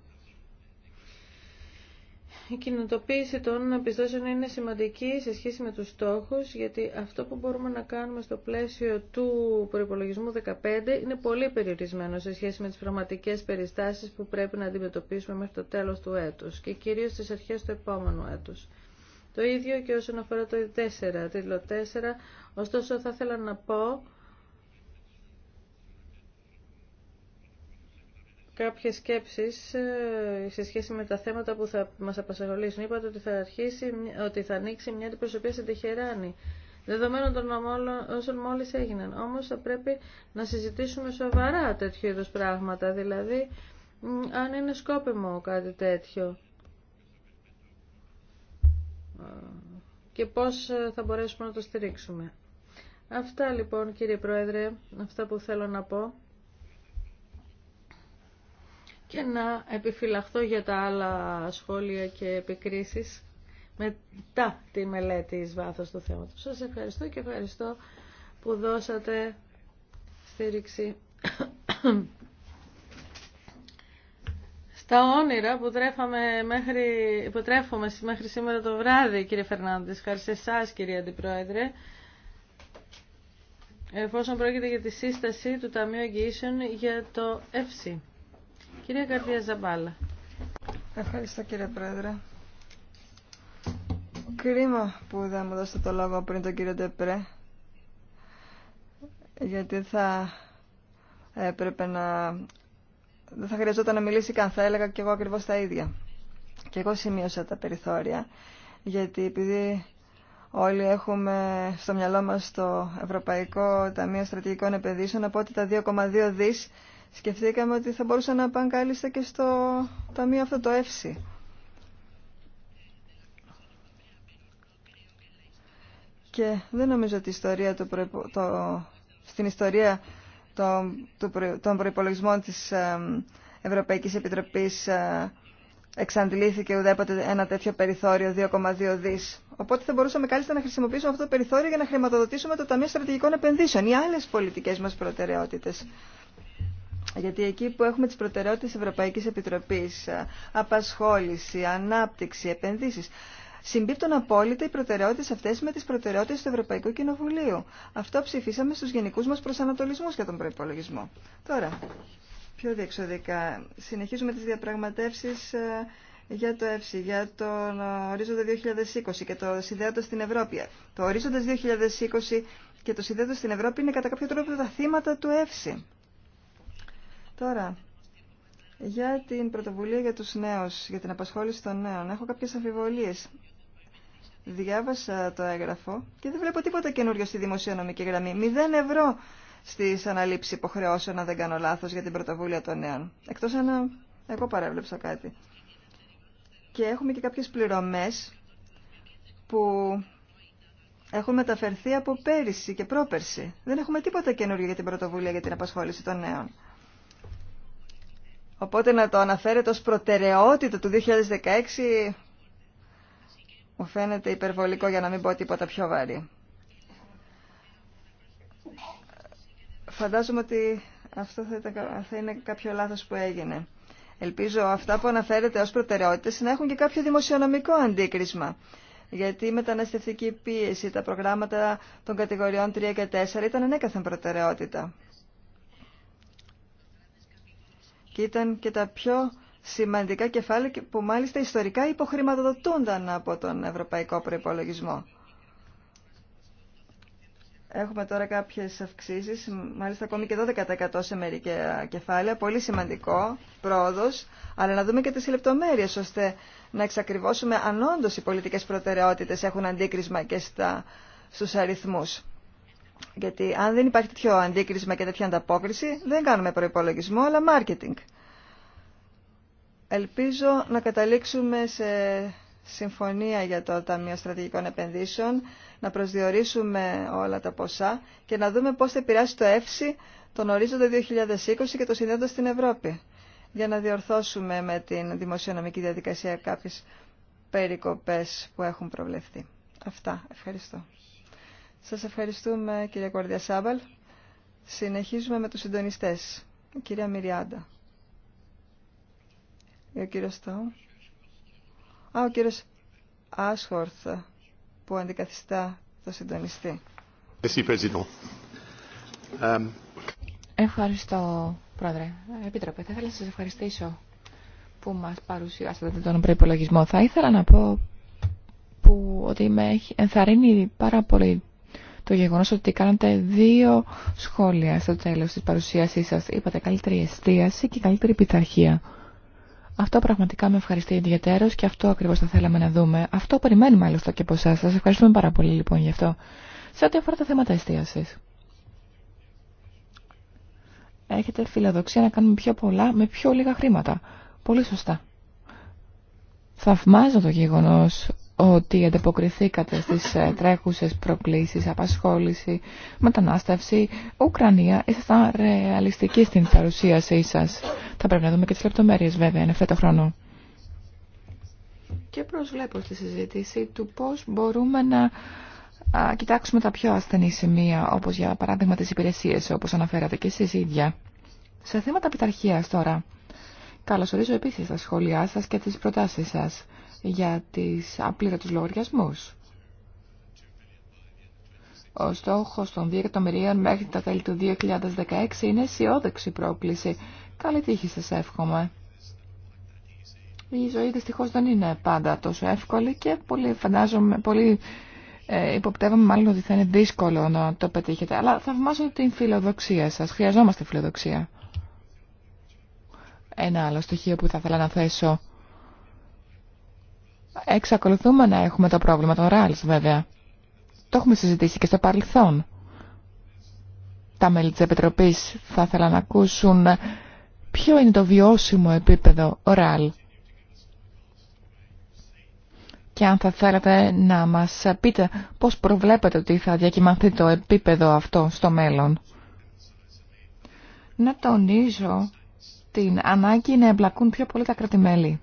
η κινητοποίηση των επιστώσεων είναι σημαντική σε σχέση με τους στόχους, γιατί αυτό που μπορούμε να κάνουμε στο πλαίσιο του προϋπολογισμού 15 είναι πολύ περιορισμένο σε σχέση με τις πραγματικές περιστάσεις που πρέπει να αντιμετωπίσουμε μέχρι το τέλος του έτους και κυρίως στις αρχές του επόμενου έτους. Το ίδιο και όσον αφορά το 4, τίτλο 4, ωστόσο θα ήθελα να πω κάποιες σκέψεις ε, σε σχέση με τα θέματα που θα μας απασχολήσουν. Είπατε ότι θα, αρχίσει, ότι θα ανοίξει μια αντιπροσωπεία σε Τεχεράνη. Δεδομένων των όσων μόλις έγιναν. Όμως θα πρέπει να συζητήσουμε σοβαρά τέτοιου είδους πράγματα. Δηλαδή, αν είναι σκόπιμο κάτι τέτοιο. Και πώς ε, θα μπορέσουμε να το στηρίξουμε. Αυτά λοιπόν κύριε Πρόεδρε, αυτά που θέλω να πω και να επιφυλαχθώ για τα άλλα σχόλια και επικρίσεις μετά τη μελέτη εις βάθος του θέματος. Σας ευχαριστώ και ευχαριστώ που δώσατε στήριξη στα όνειρα που, τρέφαμε μέχρι, που σήμερα το βράδυ, κύριε Φερνάνδης. ευχαριστώ σε εσάς, κύριε Αντιπρόεδρε. Εφόσον πρόκειται για τη σύσταση του Ταμείου Αγγίσεων για το ΕΦΣΥ. Κυρία Καρδία Ζαμπάλα. Ευχαριστώ κύριε Πρόεδρε. Κρίμα που δεν μου δώσετε το λόγο πριν τον κύριο Ντεπρέ. Γιατί θα έπρεπε να... Δεν θα χρειαζόταν να μιλήσει καν, θα έλεγα και εγώ ακριβώς τα ίδια. Και εγώ σημείωσα τα περιθώρια, γιατί επειδή όλοι έχουμε στο μυαλό μας το Ευρωπαϊκό Ταμείο Στρατηγικών Επενδύσεων, οπότε τα 2,2 δις σκεφτήκαμε ότι θα μπορούσαν να πάνε κάλλιστα και στο ταμείο αυτό το Εύση. Και δεν νομίζω ότι ιστορία το... στην ιστορία των, των προϋπολογισμών της Ευρωπαϊκής Επιτροπής ε, εξαντλήθηκε ουδέποτε ένα τέτοιο περιθώριο 2,2 δις. Οπότε θα μπορούσαμε κάλλιστα να χρησιμοποιήσουμε αυτό το περιθώριο για να χρηματοδοτήσουμε το Ταμείο Στρατηγικών Επενδύσεων ή άλλες πολιτικές μας προτεραιότητες. Γιατί εκεί που έχουμε τις προτεραιότητες Ευρωπαϊκής Επιτροπής, ε, απασχόληση, ανάπτυξη, επενδύσεις, συμπίπτουν απόλυτα οι προτεραιότητες αυτές με τις προτεραιότητες του Ευρωπαϊκού Κοινοβουλίου. Αυτό ψηφίσαμε στους γενικούς μας προσανατολισμούς για τον προϋπολογισμό. Τώρα, πιο διεξοδικά, συνεχίζουμε τις διαπραγματεύσεις ε, για το ΕΦΣΙ, για τον ορίζοντα 2020 και το συνδέοντα στην Ευρώπη. Το ορίζοντα 2020 και το συνδέοντα στην Ευρώπη είναι κατά κάποιο τρόπο τα θύματα του ΕΦΣΙ. Τώρα, για την πρωτοβουλία για τους νέους, για την απασχόληση των νέων, έχω κάποιες αμφιβολίες. Διάβασα το έγγραφο και δεν βλέπω τίποτα καινούριο στη δημοσιονομική γραμμή. Μηδέν ευρώ στις αναλήψεις υποχρεώσεων, αν δεν κάνω λάθος, για την πρωτοβουλία των νέων. Εκτός αν ε, εγώ παρέβλεψα κάτι. Και έχουμε και κάποιες πληρωμές που έχουν μεταφερθεί από πέρυσι και πρόπερσι. Δεν έχουμε τίποτα καινούριο για την πρωτοβουλία για την απασχόληση των νέων. Οπότε να το αναφέρετε ως προτεραιότητα του 2016 μου φαίνεται υπερβολικό για να μην πω τίποτα πιο βαρύ. Φαντάζομαι ότι αυτό θα, θα είναι κάποιο λάθος που έγινε. Ελπίζω αυτά που αναφέρετε ως προτεραιότητες να έχουν και κάποιο δημοσιονομικό αντίκρισμα. Γιατί η μεταναστευτική πίεση, τα προγράμματα των κατηγοριών 3 και 4 ήταν ανέκαθεν προτεραιότητα και ήταν και τα πιο σημαντικά κεφάλαια που μάλιστα ιστορικά υποχρηματοδοτούνταν από τον Ευρωπαϊκό Προϋπολογισμό. Έχουμε τώρα κάποιες αυξήσεις, μάλιστα ακόμη και 12% σε μερικά κεφάλαια, πολύ σημαντικό πρόοδος, αλλά να δούμε και τις λεπτομέρειες, ώστε να εξακριβώσουμε αν όντως οι πολιτικές προτεραιότητες έχουν αντίκρισμα και στα, στους αριθμούς. Γιατί αν δεν υπάρχει τέτοιο αντίκρισμα και τέτοια ανταπόκριση, δεν κάνουμε προπολογισμό, αλλά marketing. Ελπίζω να καταλήξουμε σε συμφωνία για το Ταμείο Στρατηγικών Επενδύσεων, να προσδιορίσουμε όλα τα ποσά και να δούμε πώς θα επηρεάσει το ΕΦΣΙ τον ορίζοντα 2020 και το συνδέοντα στην Ευρώπη, για να διορθώσουμε με την δημοσιονομική διαδικασία κάποιες περικοπές που έχουν προβλεφθεί. Αυτά. Ευχαριστώ. Σας ευχαριστούμε κυρία Κορδιά Σάμπαλ. Συνεχίζουμε με τους συντονιστές. Η κυρία Μυριάντα. Ε, ο κύριος Τόμ. Α, ο κύριος Άσχορθ που αντικαθιστά το συντονιστή. Euh, Ευχαριστώ, Πρόεδρε. Επίτροπε, θα ήθελα να σας ευχαριστήσω που μας παρουσιάσατε τον προϋπολογισμό. Θα ήθελα να πω που, ότι με έχει ενθαρρύνει πάρα πολύ το γεγονός ότι κάνατε δύο σχόλια στο τέλος της παρουσίασής σας. Είπατε καλύτερη εστίαση και καλύτερη πειθαρχία. Αυτό πραγματικά με ευχαριστεί ιδιαίτερω και αυτό ακριβώς θα θέλαμε να δούμε. Αυτό περιμένουμε άλλωστε και από εσάς. Σας ευχαριστούμε πάρα πολύ λοιπόν γι' αυτό. Σε ό,τι αφορά τα θέματα εστίασης. Έχετε φιλοδοξία να κάνουμε πιο πολλά με πιο λίγα χρήματα. Πολύ σωστά. Θαυμάζω το γεγονός ότι ανταποκριθήκατε στις ε, τρέχουσες προκλήσεις, απασχόληση, μετανάστευση. Ουκρανία, ήσασταν ρεαλιστικοί στην παρουσίασή σας. Θα πρέπει να δούμε και τις λεπτομέρειες βέβαια, είναι φέτο χρόνο. Και προσβλέπω στη συζήτηση του πώς μπορούμε να κοιτάξουμε τα πιο ασθενή σημεία, όπως για παράδειγμα τις υπηρεσίες, όπως αναφέρατε και εσείς ίδια. Σε θέματα πειταρχίας τώρα. Καλωσορίζω επίσης τα σχόλιά σας και τις προτάσεις σας για τις απλήρωτους λογαριασμούς. Ο στόχος των 2 εκατομμυρίων μέχρι τα τέλη του 2016 είναι αισιόδοξη πρόκληση. Καλή τύχη σας εύχομαι. Η ζωή δυστυχώς δεν είναι πάντα τόσο εύκολη και πολύ φαντάζομαι, πολύ ε, υποπτεύομαι μάλλον ότι θα είναι δύσκολο να το πετύχετε. Αλλά θαυμάζω την φιλοδοξία σας. Χρειαζόμαστε φιλοδοξία. Ένα άλλο στοιχείο που θα ήθελα να θέσω εξακολουθούμε να έχουμε το πρόβλημα των ράλς βέβαια. Το έχουμε συζητήσει και στο παρελθόν. Τα μέλη της Επιτροπής θα ήθελα να ακούσουν ποιο είναι το βιώσιμο επίπεδο ράλ. Και αν θα θέλατε να μας πείτε πώς προβλέπετε ότι θα διακυμανθεί το επίπεδο αυτό στο μέλλον. Να τονίζω την ανάγκη να εμπλακούν πιο πολύ τα κρατημέλη.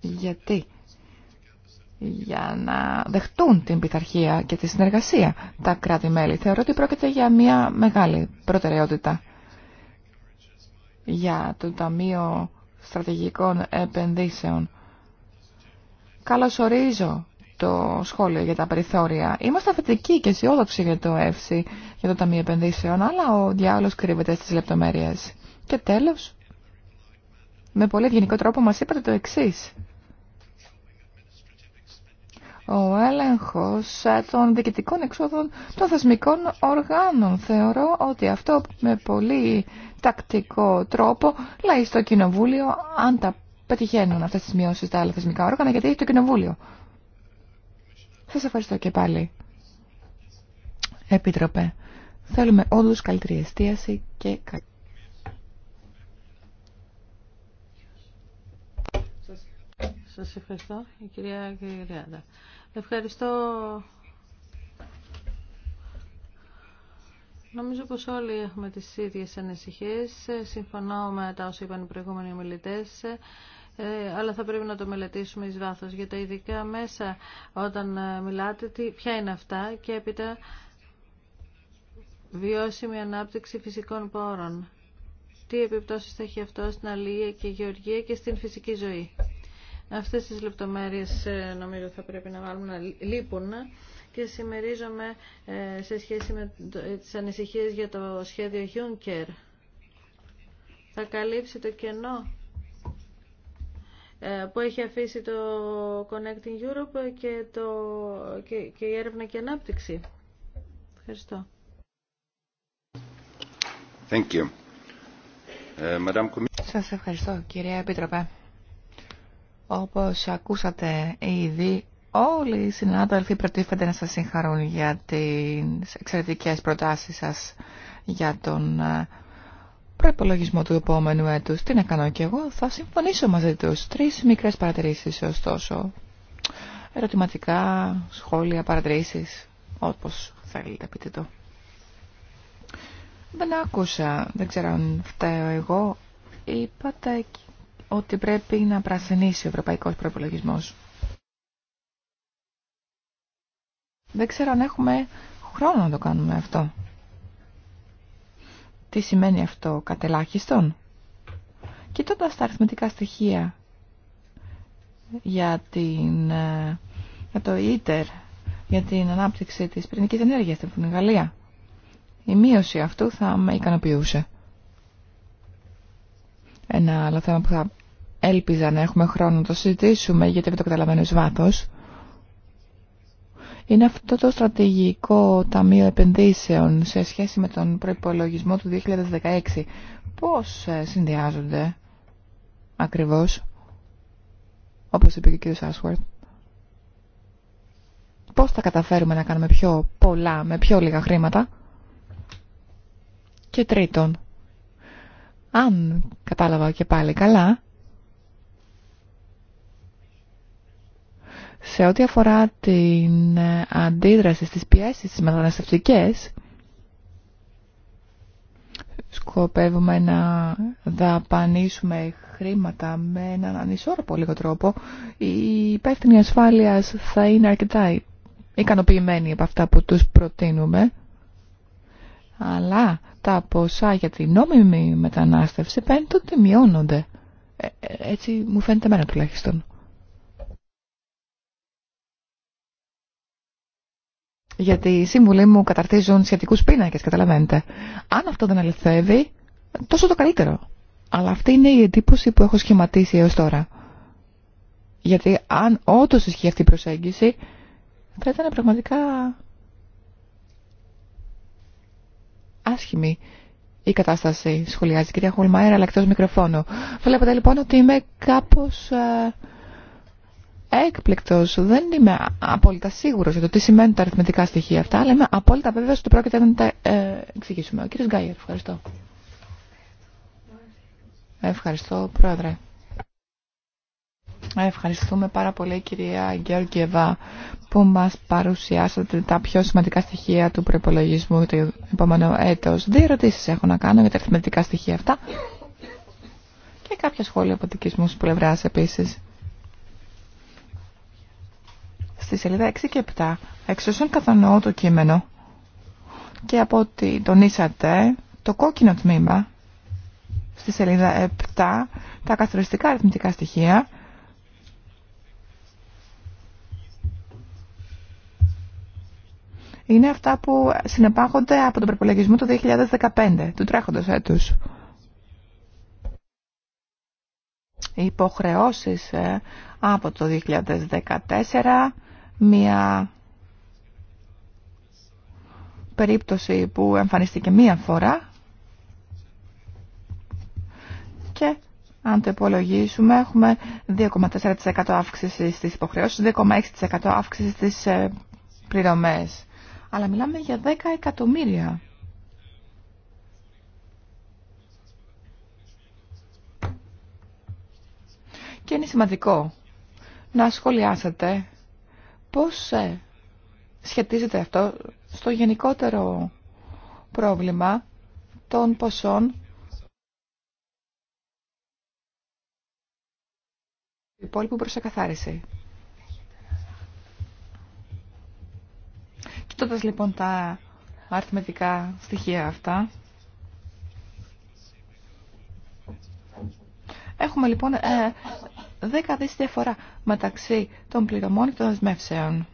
Γιατί για να δεχτούν την πειθαρχία και τη συνεργασία τα κράτη-μέλη. Θεωρώ ότι πρόκειται για μια μεγάλη προτεραιότητα για το Ταμείο Στρατηγικών Επενδύσεων. Καλώς ορίζω το σχόλιο για τα περιθώρια. Είμαστε θετικοί και αισιόδοξοι για το ΕΦΣΥ, για το Ταμείο Επενδύσεων, αλλά ο διάολος κρύβεται στις λεπτομέρειες. Και τέλος, με πολύ ευγενικό τρόπο μας είπατε το εξής ο έλεγχο των διοικητικών εξόδων των θεσμικών οργάνων. Θεωρώ ότι αυτό με πολύ τακτικό τρόπο λέει στο Κοινοβούλιο αν τα πετυχαίνουν αυτές τις μειώσεις τα άλλα θεσμικά όργανα γιατί έχει το Κοινοβούλιο. Σας ευχαριστώ και πάλι. Επίτροπε, θέλουμε όντως καλύτερη εστίαση και καλύτερη. Σας ευχαριστώ, κυρία Ευχαριστώ. Νομίζω πως όλοι έχουμε τις ίδιες ανησυχίες. Συμφωνώ με τα όσα είπαν οι προηγούμενοι ομιλητές ε, αλλά θα πρέπει να το μελετήσουμε εις βάθος για τα ειδικά μέσα όταν ε, μιλάτε τι, ποια είναι αυτά και έπειτα βιώσιμη ανάπτυξη φυσικών πόρων. Τι επιπτώσεις θα έχει αυτό στην αλληλεία και γεωργία και στην φυσική ζωή. Αυτές τις λεπτομέρειες ε, νομίζω θα πρέπει να βάλουμε να λείπουν και συμμερίζομαι ε, σε σχέση με ε, τις ανησυχίες για το σχέδιο Juncker. Θα καλύψει το κενό που έχει αφήσει το Connecting Europe και, το, και, και η έρευνα και η ανάπτυξη. Ευχαριστώ. Thank you. Σας ευχαριστώ, κυρία Επίτροπε. Όπως ακούσατε ήδη, όλοι οι συνάδελφοι προτίθεται να σας συγχαρούν για τις εξαιρετικές προτάσεις σας για τον ε, προπολογισμό του επόμενου έτους. Τι να κάνω κι εγώ, θα συμφωνήσω μαζί τους. Τρεις μικρές παρατηρήσεις ωστόσο. Ερωτηματικά, σχόλια, παρατηρήσεις, όπως θέλετε πείτε το. Δεν άκουσα, δεν ξέρω αν φταίω εγώ. Είπατε ότι πρέπει να πρασινίσει ο ευρωπαϊκός προϋπολογισμός. Δεν ξέρω αν έχουμε χρόνο να το κάνουμε αυτό. Τι σημαίνει αυτό κατελάχιστον. Κοιτώντας τα αριθμητικά στοιχεία για, την, ε, το ίτερ, για την ανάπτυξη της πυρηνικής ενέργειας στην Γαλλία. η μείωση αυτού θα με ικανοποιούσε. Ένα άλλο θέμα που θα Έλπιζα να έχουμε χρόνο να το συζητήσουμε γιατί δεν το καταλαβαίνω εις βάθος. Είναι αυτό το στρατηγικό ταμείο επενδύσεων σε σχέση με τον προϋπολογισμό του 2016. Πώς ε, συνδυάζονται ακριβώς, όπως είπε και ο κ. Σάσουαρτ. Πώς θα καταφέρουμε να κάνουμε πιο πολλά με πιο λίγα χρήματα. Και τρίτον, αν κατάλαβα και πάλι καλά, Σε ό,τι αφορά την ε, αντίδραση στις πιέσεις τις μεταναστευτικές, σκοπεύουμε να δαπανίσουμε χρήματα με έναν ανισόρροπο λίγο τρόπο. Η υπεύθυνη ασφάλεια θα είναι αρκετά ικανοποιημένη από αυτά που τους προτείνουμε. Αλλά τα ποσά για την νόμιμη μετανάστευση φαίνεται ότι μειώνονται. Ε, ε, έτσι μου φαίνεται εμένα τουλάχιστον. γιατί οι σύμβουλοι μου καταρτίζουν σχετικού πίνακε, καταλαβαίνετε. Αν αυτό δεν αληθεύει, τόσο το καλύτερο. Αλλά αυτή είναι η εντύπωση που έχω σχηματίσει έω τώρα. Γιατί αν όντω ισχύει αυτή η προσέγγιση, θα ήταν πραγματικά άσχημη η κατάσταση, σχολιάζει η κυρία Χολμαέρα, αλλά εκτό μικροφώνου. Βλέπετε λοιπόν ότι είμαι κάπω. Ε, έκπληκτος, δεν είμαι απόλυτα σίγουρος για το τι σημαίνουν τα αριθμητικά στοιχεία αυτά, αλλά είμαι απόλυτα βέβαιος ότι πρόκειται να τα ε, εξηγήσουμε. Ο κύριος Γκάιερ, ευχαριστώ. Ευχαριστώ, Πρόεδρε. Ευχαριστούμε πάρα πολύ κυρία Γεωργιεβά που μας παρουσιάσατε τα πιο σημαντικά στοιχεία του προπολογισμού του επόμενου έτος. Δύο ερωτήσεις έχω να κάνω για τα αριθμητικά στοιχεία αυτά και κάποια σχόλια από δικής πλευράς επίσης στη σελίδα 6 και 7. Εξ όσων το κείμενο και από ότι τονίσατε το κόκκινο τμήμα στη σελίδα 7 τα καθοριστικά αριθμητικά στοιχεία είναι αυτά που συνεπάγονται από τον προπολογισμό του 2015, του τρέχοντος έτους. Οι υποχρεώσεις ε, από το 2014 μια περίπτωση που εμφανίστηκε μία φορά και αν το υπολογίσουμε έχουμε 2,4% αύξηση στις υποχρεώσεις, 2,6% αύξηση στις ε, πληρωμές. Αλλά μιλάμε για 10 εκατομμύρια. Και είναι σημαντικό να σχολιάσετε Πώς ε, σχετίζεται αυτό στο γενικότερο πρόβλημα των ποσών υπόλοιπου προς ακαθάριση. Κοιτώντας λοιπόν τα αριθμητικά στοιχεία αυτά, έχουμε λοιπόν ε, δέκα δις διαφορά μεταξύ των πληρωμών και των δεσμεύσεων.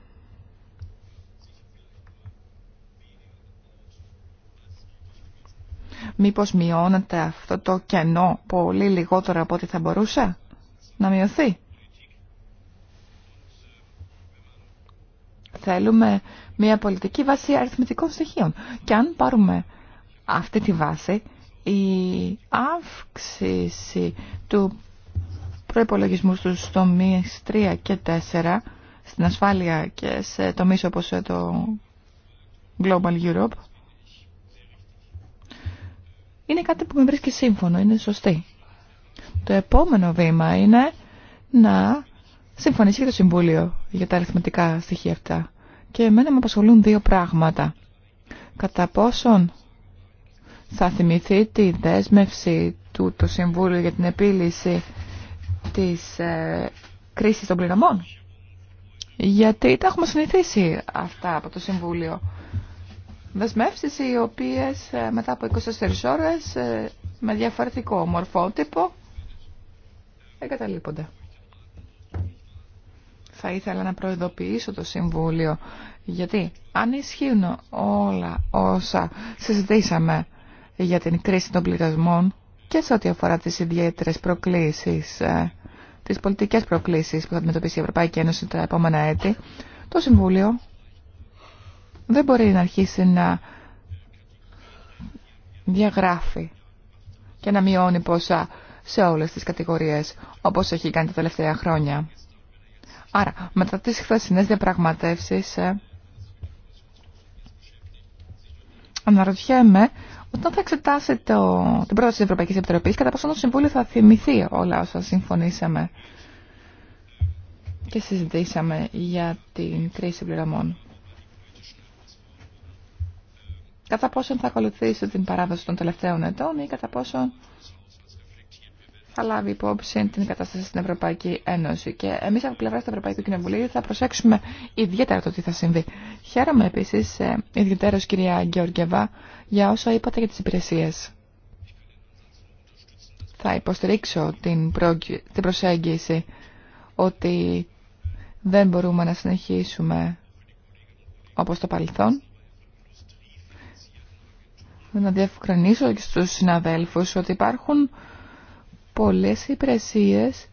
Μήπως μειώνεται αυτό το κενό πολύ λιγότερο από ό,τι θα μπορούσε να μειωθεί. Θέλουμε μια πολιτική βάση αριθμητικών στοιχείων. Και αν πάρουμε αυτή τη βάση, η αύξηση του προπολογισμού στο τομείς 3 και 4 στην ασφάλεια και σε τομείς όπως ε, το Global Europe είναι κάτι που με βρίσκει σύμφωνο, είναι σωστή. Το επόμενο βήμα είναι να συμφωνήσει και το Συμβούλιο για τα αριθμητικά στοιχεία αυτά. Και εμένα με απασχολούν δύο πράγματα. Κατά πόσον θα θυμηθεί τη δέσμευση του το Συμβούλιο για την επίλυση της ε, κρίσης των πληρωμών. Γιατί τα έχουμε συνηθίσει αυτά από το Συμβούλιο. Δεσμεύσεις οι οποίες ε, μετά από 24 ώρες ε, με διαφορετικό μορφότυπο εγκαταλείπονται. Θα ήθελα να προειδοποιήσω το Συμβούλιο γιατί αν ισχύουν όλα όσα συζητήσαμε για την κρίση των πληρωμών και σε ό,τι αφορά τις ιδιαίτερες προκλήσεις, ε, τις πολιτικές προκλήσεις που θα αντιμετωπίσει η Ευρωπαϊκή Ένωση τα επόμενα έτη, το Συμβούλιο δεν μπορεί να αρχίσει να διαγράφει και να μειώνει ποσά σε όλες τις κατηγορίες, όπως έχει κάνει τα τελευταία χρόνια. Άρα, μετά τις χθεσινές διαπραγματεύσεις, ε, Αναρωτιέμαι, όταν θα εξετάσει το, την πρόταση της Ευρωπαϊκής Επιτροπής, κατά πόσο το Συμβούλιο θα θυμηθεί όλα όσα συμφωνήσαμε και συζητήσαμε για την κρίση πληρωμών. Κατά πόσο θα ακολουθήσει την παράδοση των τελευταίων ετών ή κατά πόσο θα λάβει υπόψη την κατάσταση στην Ευρωπαϊκή Ένωση. Και εμεί από πλευρά του Ευρωπαϊκού Κοινοβουλίου θα προσέξουμε ιδιαίτερα το τι θα συμβεί. Χαίρομαι επίση, ε, ιδιαίτερω κυρία Γεωργεβά, για όσα είπατε για τι υπηρεσίε. Θα υποστηρίξω την, την προσέγγιση ότι δεν μπορούμε να συνεχίσουμε όπως το παρελθόν. Να διευκρινίσω και στους συναδέλφους ότι υπάρχουν πολλές υπηρεσίες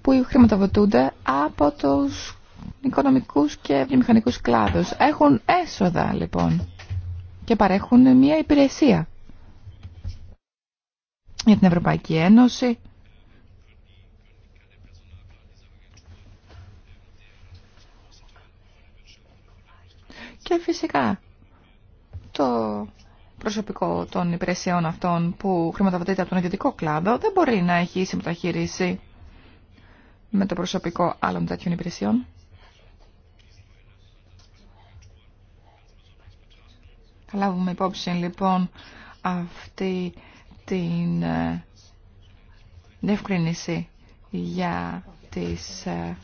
που χρηματοδοτούνται από τους οικονομικούς και βιομηχανικούς κλάδους. Έχουν έσοδα λοιπόν και παρέχουν μια υπηρεσία για την Ευρωπαϊκή Ένωση. Και φυσικά το προσωπικό των υπηρεσιών αυτών που χρηματοδοτείται από τον ιδιωτικό κλάδο δεν μπορεί να έχει συμμεταχείριση με το προσωπικό άλλων τέτοιων υπηρεσιών. Θα λάβουμε υπόψη λοιπόν αυτή την ε, διευκρίνηση για τις ε,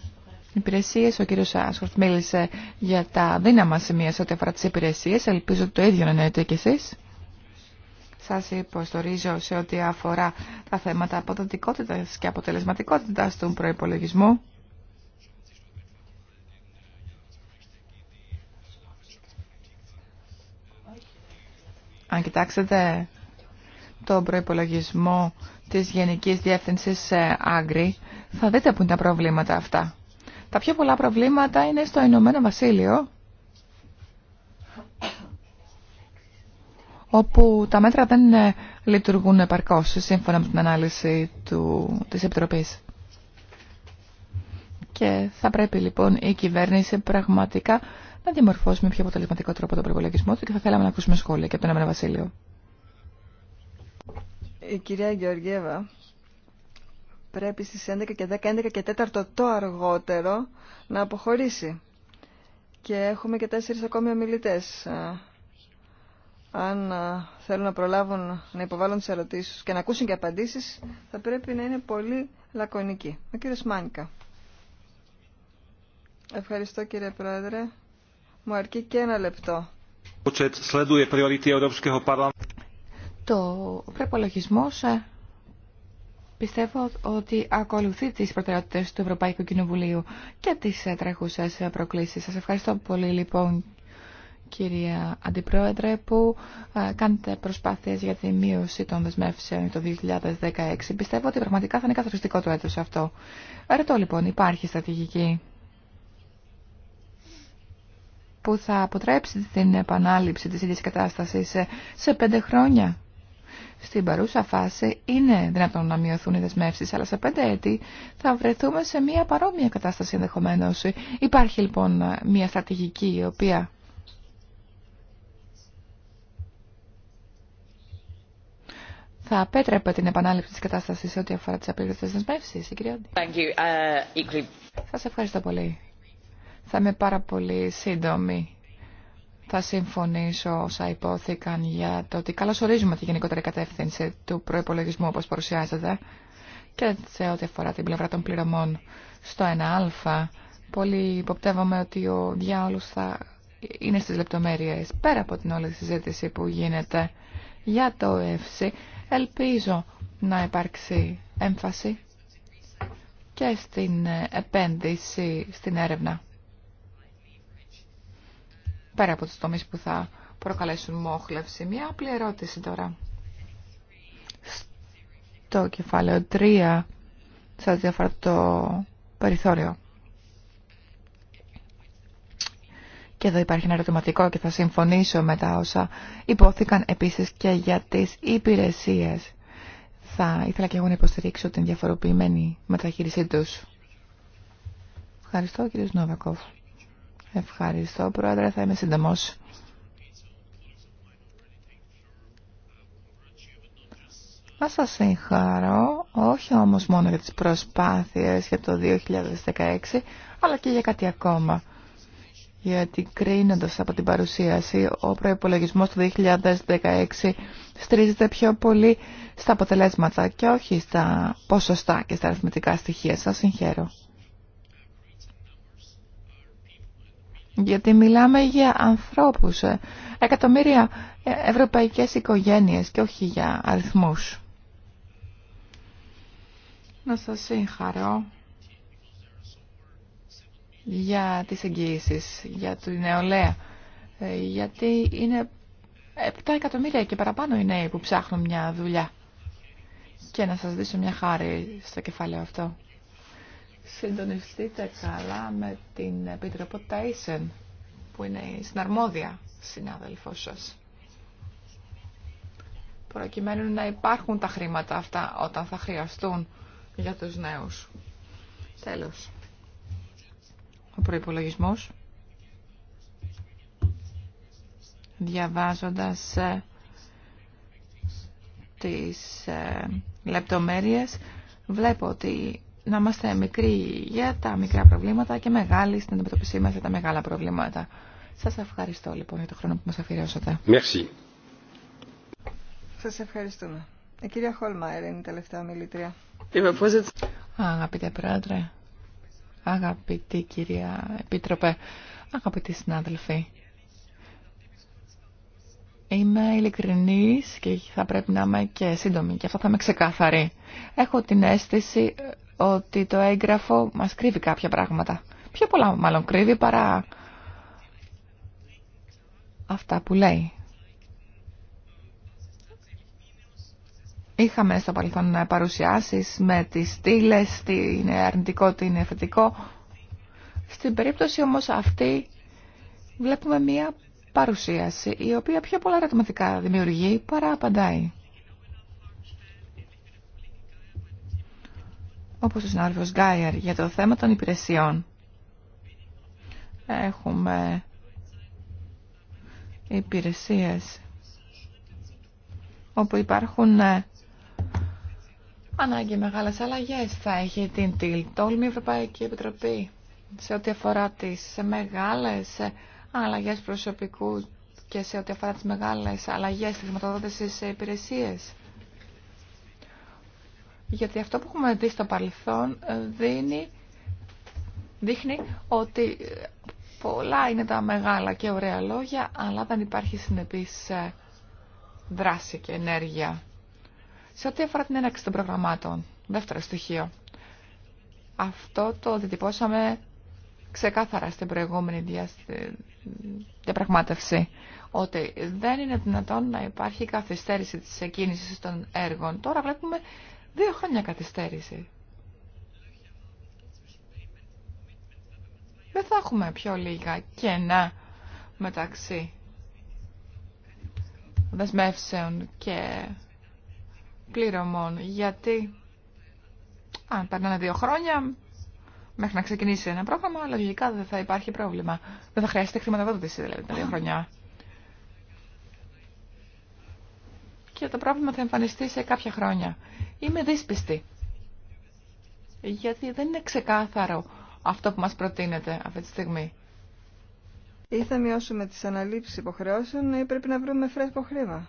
υπηρεσίες. Ο κύριος Άσχορτ μίλησε για τα δύναμα σημεία σε ό,τι αφορά τις υπηρεσίες. Ελπίζω ότι το ίδιο να εννοείτε και εσείς σας υποστορίζω σε ό,τι αφορά τα θέματα αποδοτικότητας και αποτελεσματικότητας του προϋπολογισμού. Αν κοιτάξετε τον προϋπολογισμό της Γενικής Διεύθυνσης Άγκρη, θα δείτε που είναι τα προβλήματα αυτά. Τα πιο πολλά προβλήματα είναι στο Ηνωμένο Βασίλειο, όπου τα μέτρα δεν ε, λειτουργούν επαρκώς σύμφωνα με την ανάλυση του, της Επιτροπής. Και θα πρέπει λοιπόν η κυβέρνηση πραγματικά να διαμορφώσει με πιο αποτελεσματικό τρόπο τον προπολογισμό του και θα θέλαμε να ακούσουμε σχόλια και από τον Εμένα Βασίλειο. Η κυρία Γεωργίευα πρέπει στις 11 και 10, 11 και 4 το αργότερο να αποχωρήσει. Και έχουμε και τέσσερις ακόμη ομιλητές αν ε, θέλουν να προλάβουν να υποβάλουν τις ερωτήσεις και να ακούσουν και απαντήσεις, θα πρέπει να είναι πολύ λακωνικοί. Ο κύριος Μάνικα. Ευχαριστώ κύριε Πρόεδρε. Μου αρκεί και ένα λεπτό. Το προπολογισμό ε, πιστεύω ότι ακολουθεί τις προτεραιότητες του Ευρωπαϊκού Κοινοβουλίου και τις ε, τρέχουσες προκλήσεις. Σας ευχαριστώ πολύ λοιπόν κυρία Αντιπρόεδρε, που ε, κάνετε προσπάθειες για τη μείωση των δεσμεύσεων το 2016. Πιστεύω ότι πραγματικά θα είναι καθοριστικό το έτος αυτό. Ρωτώ λοιπόν, υπάρχει στρατηγική που θα αποτρέψει την επανάληψη της ίδιας κατάστασης σε πέντε χρόνια. Στην παρούσα φάση είναι δυνατόν να μειωθούν οι δεσμεύσεις, αλλά σε πέντε έτη θα βρεθούμε σε μια παρόμοια κατάσταση ενδεχομένως. Υπάρχει λοιπόν μια στρατηγική η οποία θα απέτρεπε την επανάληψη της κατάστασης σε ό,τι αφορά τις απειλωτές δεσμεύσεις, η κυρία uh, Σας ευχαριστώ πολύ. Θα είμαι πάρα πολύ σύντομη. Θα συμφωνήσω όσα υπόθηκαν για το ότι καλωσορίζουμε τη γενικότερη κατεύθυνση του προϋπολογισμού όπως παρουσιάζεται και σε ό,τι αφορά την πλευρά των πληρωμών στο 1α. Πολύ υποπτεύομαι ότι ο διάολος θα είναι στις λεπτομέρειες πέρα από την όλη συζήτηση που γίνεται για το ΕΦΣΥ Ελπίζω να υπάρξει έμφαση και στην επένδυση στην έρευνα. Πέρα από τους τομείς που θα προκαλέσουν μόχλευση. Μια απλή ερώτηση τώρα. Στο κεφάλαιο 3, σας διαφορά το περιθώριο. Και εδώ υπάρχει ένα ερωτηματικό και θα συμφωνήσω με τα όσα υπόθηκαν επίσης και για τις υπηρεσίες. Θα ήθελα και εγώ να υποστηρίξω την διαφοροποιημένη μεταχείρισή τους. Ευχαριστώ κύριε Νόβακοφ. Ευχαριστώ πρόεδρε, θα είμαι σύντομος. Να σας συγχαρώ, όχι όμως μόνο για τις προσπάθειες για το 2016, αλλά και για κάτι ακόμα γιατί κρίνοντας από την παρουσίαση ο προϋπολογισμός του 2016 στρίζεται πιο πολύ στα αποτελέσματα και όχι στα ποσοστά και στα αριθμητικά στοιχεία. Σας συγχαίρω. Γιατί μιλάμε για ανθρώπους, ε, εκατομμύρια ε, ευρωπαϊκές οικογένειες και όχι για αριθμούς. Να σας συγχαρώ για τις εγγύησεις, για τη νεολαία. Ε, γιατί είναι 7 εκατομμύρια και παραπάνω οι νέοι που ψάχνουν μια δουλειά. Και να σας δείσω μια χάρη στο κεφάλαιο αυτό. Συντονιστείτε καλά με την Επίτροπο Ταΐσεν, που είναι η συναρμόδια συνάδελφός σας. Προκειμένου να υπάρχουν τα χρήματα αυτά όταν θα χρειαστούν για τους νέους. Τέλος ο προϋπολογισμός διαβάζοντας ε, τις ε, λεπτομέρειες βλέπω ότι να είμαστε μικροί για τα μικρά προβλήματα και μεγάλοι στην αντιμετωπισή μας για τα μεγάλα προβλήματα. Σας ευχαριστώ λοιπόν για το χρόνο που μας αφιερώσατε. Merci. Σας ευχαριστούμε. Η ε, κυρία Χολμάιρ είναι η τελευταία μιλήτρια. Αγαπητέ Πρόεδρε, αγαπητή κυρία Επίτροπε, αγαπητοί συνάδελφοι. Είμαι ειλικρινής και θα πρέπει να είμαι και σύντομη και αυτό θα με ξεκάθαρη. Έχω την αίσθηση ε, ότι το έγγραφο μας κρύβει κάποια πράγματα. Πιο πολλά μάλλον κρύβει παρά αυτά που λέει. Είχαμε στο παρελθόν παρουσιάσεις με τις στήλε, τι είναι αρνητικό, τι είναι θετικό. Στην περίπτωση όμως αυτή βλέπουμε μία παρουσίαση η οποία πιο πολλά ερωτηματικά δημιουργεί παρά απαντάει. Όπως ο συνάδελφο Γκάιερ για το θέμα των υπηρεσιών. Έχουμε υπηρεσίες όπου υπάρχουν ε, ανάγκη μεγάλε αλλαγέ Θα έχει την τόλμη Ευρωπαϊκή Επιτροπή σε ό,τι αφορά τι μεγάλε αλλαγέ προσωπικού και σε ό,τι αφορά τις μεγάλες αλλαγέ στη χρηματοδότηση σε υπηρεσίε. Γιατί αυτό που έχουμε δει στο παρελθόν ε, δίνει, δείχνει ότι ε, πολλά είναι τα μεγάλα και ωραία λόγια, αλλά δεν υπάρχει συνεπής ε, δράση και ενέργεια. Σε ό,τι αφορά την έναρξη των προγραμμάτων, δεύτερο στοιχείο. Αυτό το διτυπώσαμε ξεκάθαρα στην προηγούμενη διαπραγμάτευση ότι δεν είναι δυνατόν να υπάρχει καθυστέρηση της εκκίνησης των έργων. Τώρα βλέπουμε δύο χρόνια καθυστέρηση. Δεν θα έχουμε πιο λίγα κενά μεταξύ δεσμεύσεων και πληρωμών. Γιατί αν περνάνε δύο χρόνια μέχρι να ξεκινήσει ένα πρόγραμμα, λογικά δεν θα υπάρχει πρόβλημα. Δεν θα χρειάζεται χρηματοδότηση δηλαδή τα δύο χρόνια. Και το πρόβλημα θα εμφανιστεί σε κάποια χρόνια. Είμαι δύσπιστη. Γιατί δεν είναι ξεκάθαρο αυτό που μας προτείνεται αυτή τη στιγμή. Ή θα μειώσουμε τις αναλήψεις υποχρεώσεων ή πρέπει να βρούμε φρέσκο χρήμα.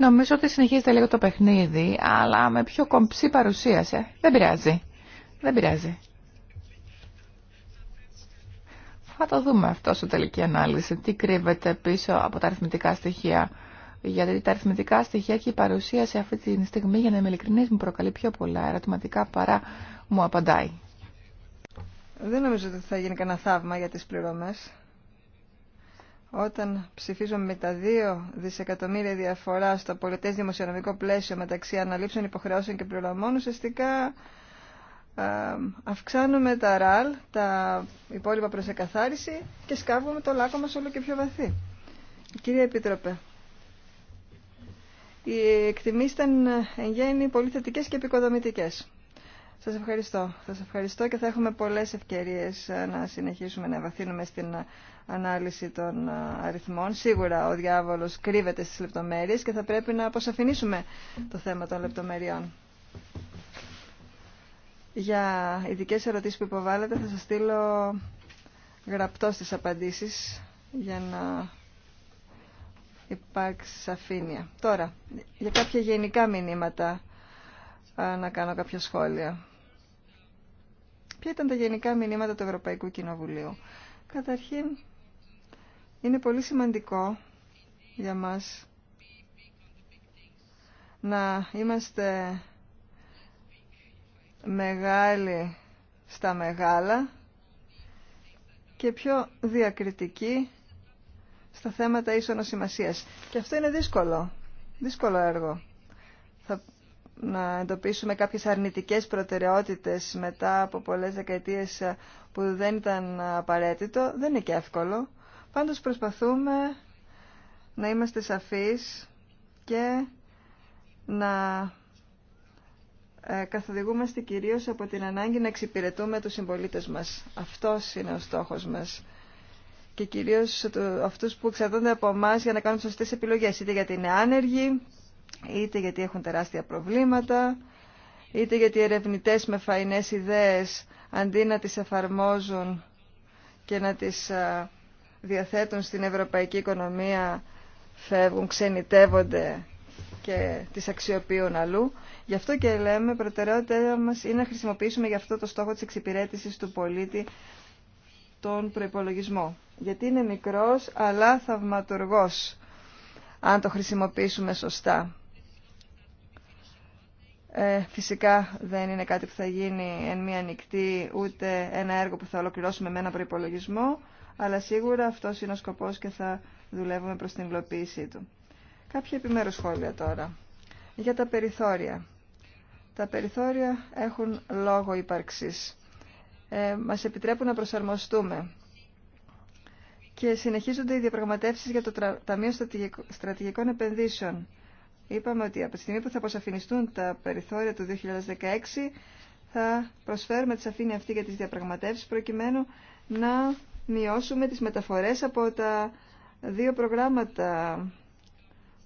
Νομίζω ότι συνεχίζεται λίγο το παιχνίδι, αλλά με πιο κομψή παρουσίαση. Δεν πειράζει. Δεν πειράζει. Θα το δούμε αυτό στο τελική ανάλυση. Τι κρύβεται πίσω από τα αριθμητικά στοιχεία. Γιατί τα αριθμητικά στοιχεία και η παρουσίαση αυτή τη στιγμή, για να είμαι ειλικρινής, μου προκαλεί πιο πολλά ερωτηματικά παρά μου απαντάει. Δεν νομίζω ότι θα γίνει κανένα θαύμα για τις πληρωμές όταν ψηφίζουμε με τα δύο δισεκατομμύρια διαφορά στο πολιτές δημοσιονομικό πλαίσιο μεταξύ αναλήψεων υποχρεώσεων και πληρωμών, ουσιαστικά ε, αυξάνουμε τα ραλ, τα υπόλοιπα προς εκαθάριση και σκάβουμε το λάκκο μας όλο και πιο βαθύ. Κύριε Επίτροπε, οι εκτιμήσεις ήταν ε, εν γέννη πολύ θετικές και επικοδομητικές. Σας ευχαριστώ. Σας ευχαριστώ και θα έχουμε πολλές ευκαιρίες ε, να συνεχίσουμε να βαθύνουμε στην ε, ανάλυση των ε, αριθμών. Σίγουρα ο διάβολος κρύβεται στις λεπτομέρειες και θα πρέπει να αποσαφηνίσουμε το θέμα των λεπτομεριών. Για ειδικέ ερωτήσεις που υποβάλλετε θα σας στείλω γραπτό στις απαντήσεις για να υπάρξει σαφήνεια. Τώρα, για κάποια γενικά μηνύματα να κάνω κάποια σχόλια. Ποια ήταν τα γενικά μηνύματα του Ευρωπαϊκού Κοινοβουλίου. Καταρχήν, είναι πολύ σημαντικό για μας να είμαστε μεγάλοι στα μεγάλα και πιο διακριτικοί στα θέματα ίσονος σημασίας. Και αυτό είναι δύσκολο, δύσκολο έργο να εντοπίσουμε κάποιες αρνητικές προτεραιότητες μετά από πολλές δεκαετίες που δεν ήταν απαραίτητο, δεν είναι και εύκολο. Πάντως προσπαθούμε να είμαστε σαφείς και να ε, καθοδηγούμαστε κυρίως από την ανάγκη να εξυπηρετούμε τους συμπολίτες μας. Αυτός είναι ο στόχος μας και κυρίως αυτούς που εξαρτώνται από εμά για να κάνουν σωστές επιλογές, είτε γιατί είναι άνεργοι, είτε γιατί έχουν τεράστια προβλήματα, είτε γιατί οι ερευνητές με φαϊνές ιδέες αντί να τις εφαρμόζουν και να τις διαθέτουν στην ευρωπαϊκή οικονομία φεύγουν, ξενιτεύονται και τις αξιοποιούν αλλού. Γι' αυτό και λέμε προτεραιότητα μας είναι να χρησιμοποιήσουμε γι' αυτό το στόχο της εξυπηρέτησης του πολίτη τον προϋπολογισμό. Γιατί είναι μικρός αλλά θαυματουργός αν το χρησιμοποιήσουμε σωστά. Ε, φυσικά δεν είναι κάτι που θα γίνει εν μία νυχτή ούτε ένα έργο που θα ολοκληρώσουμε με ένα προπολογισμό, αλλά σίγουρα αυτό είναι ο σκοπός και θα δουλεύουμε προς την υλοποίησή του. Κάποια επιμέρους σχόλια τώρα. Για τα περιθώρια. Τα περιθώρια έχουν λόγο ύπαρξης. Ε, μας επιτρέπουν να προσαρμοστούμε. Και συνεχίζονται οι διαπραγματεύσει για το Ταμείο Στρατηγικών Επενδύσεων είπαμε ότι από τη στιγμή που θα αποσαφινιστούν τα περιθώρια του 2016 θα προσφέρουμε τη σαφήνεια αυτή για τις διαπραγματεύσεις προκειμένου να μειώσουμε τις μεταφορές από τα δύο προγράμματα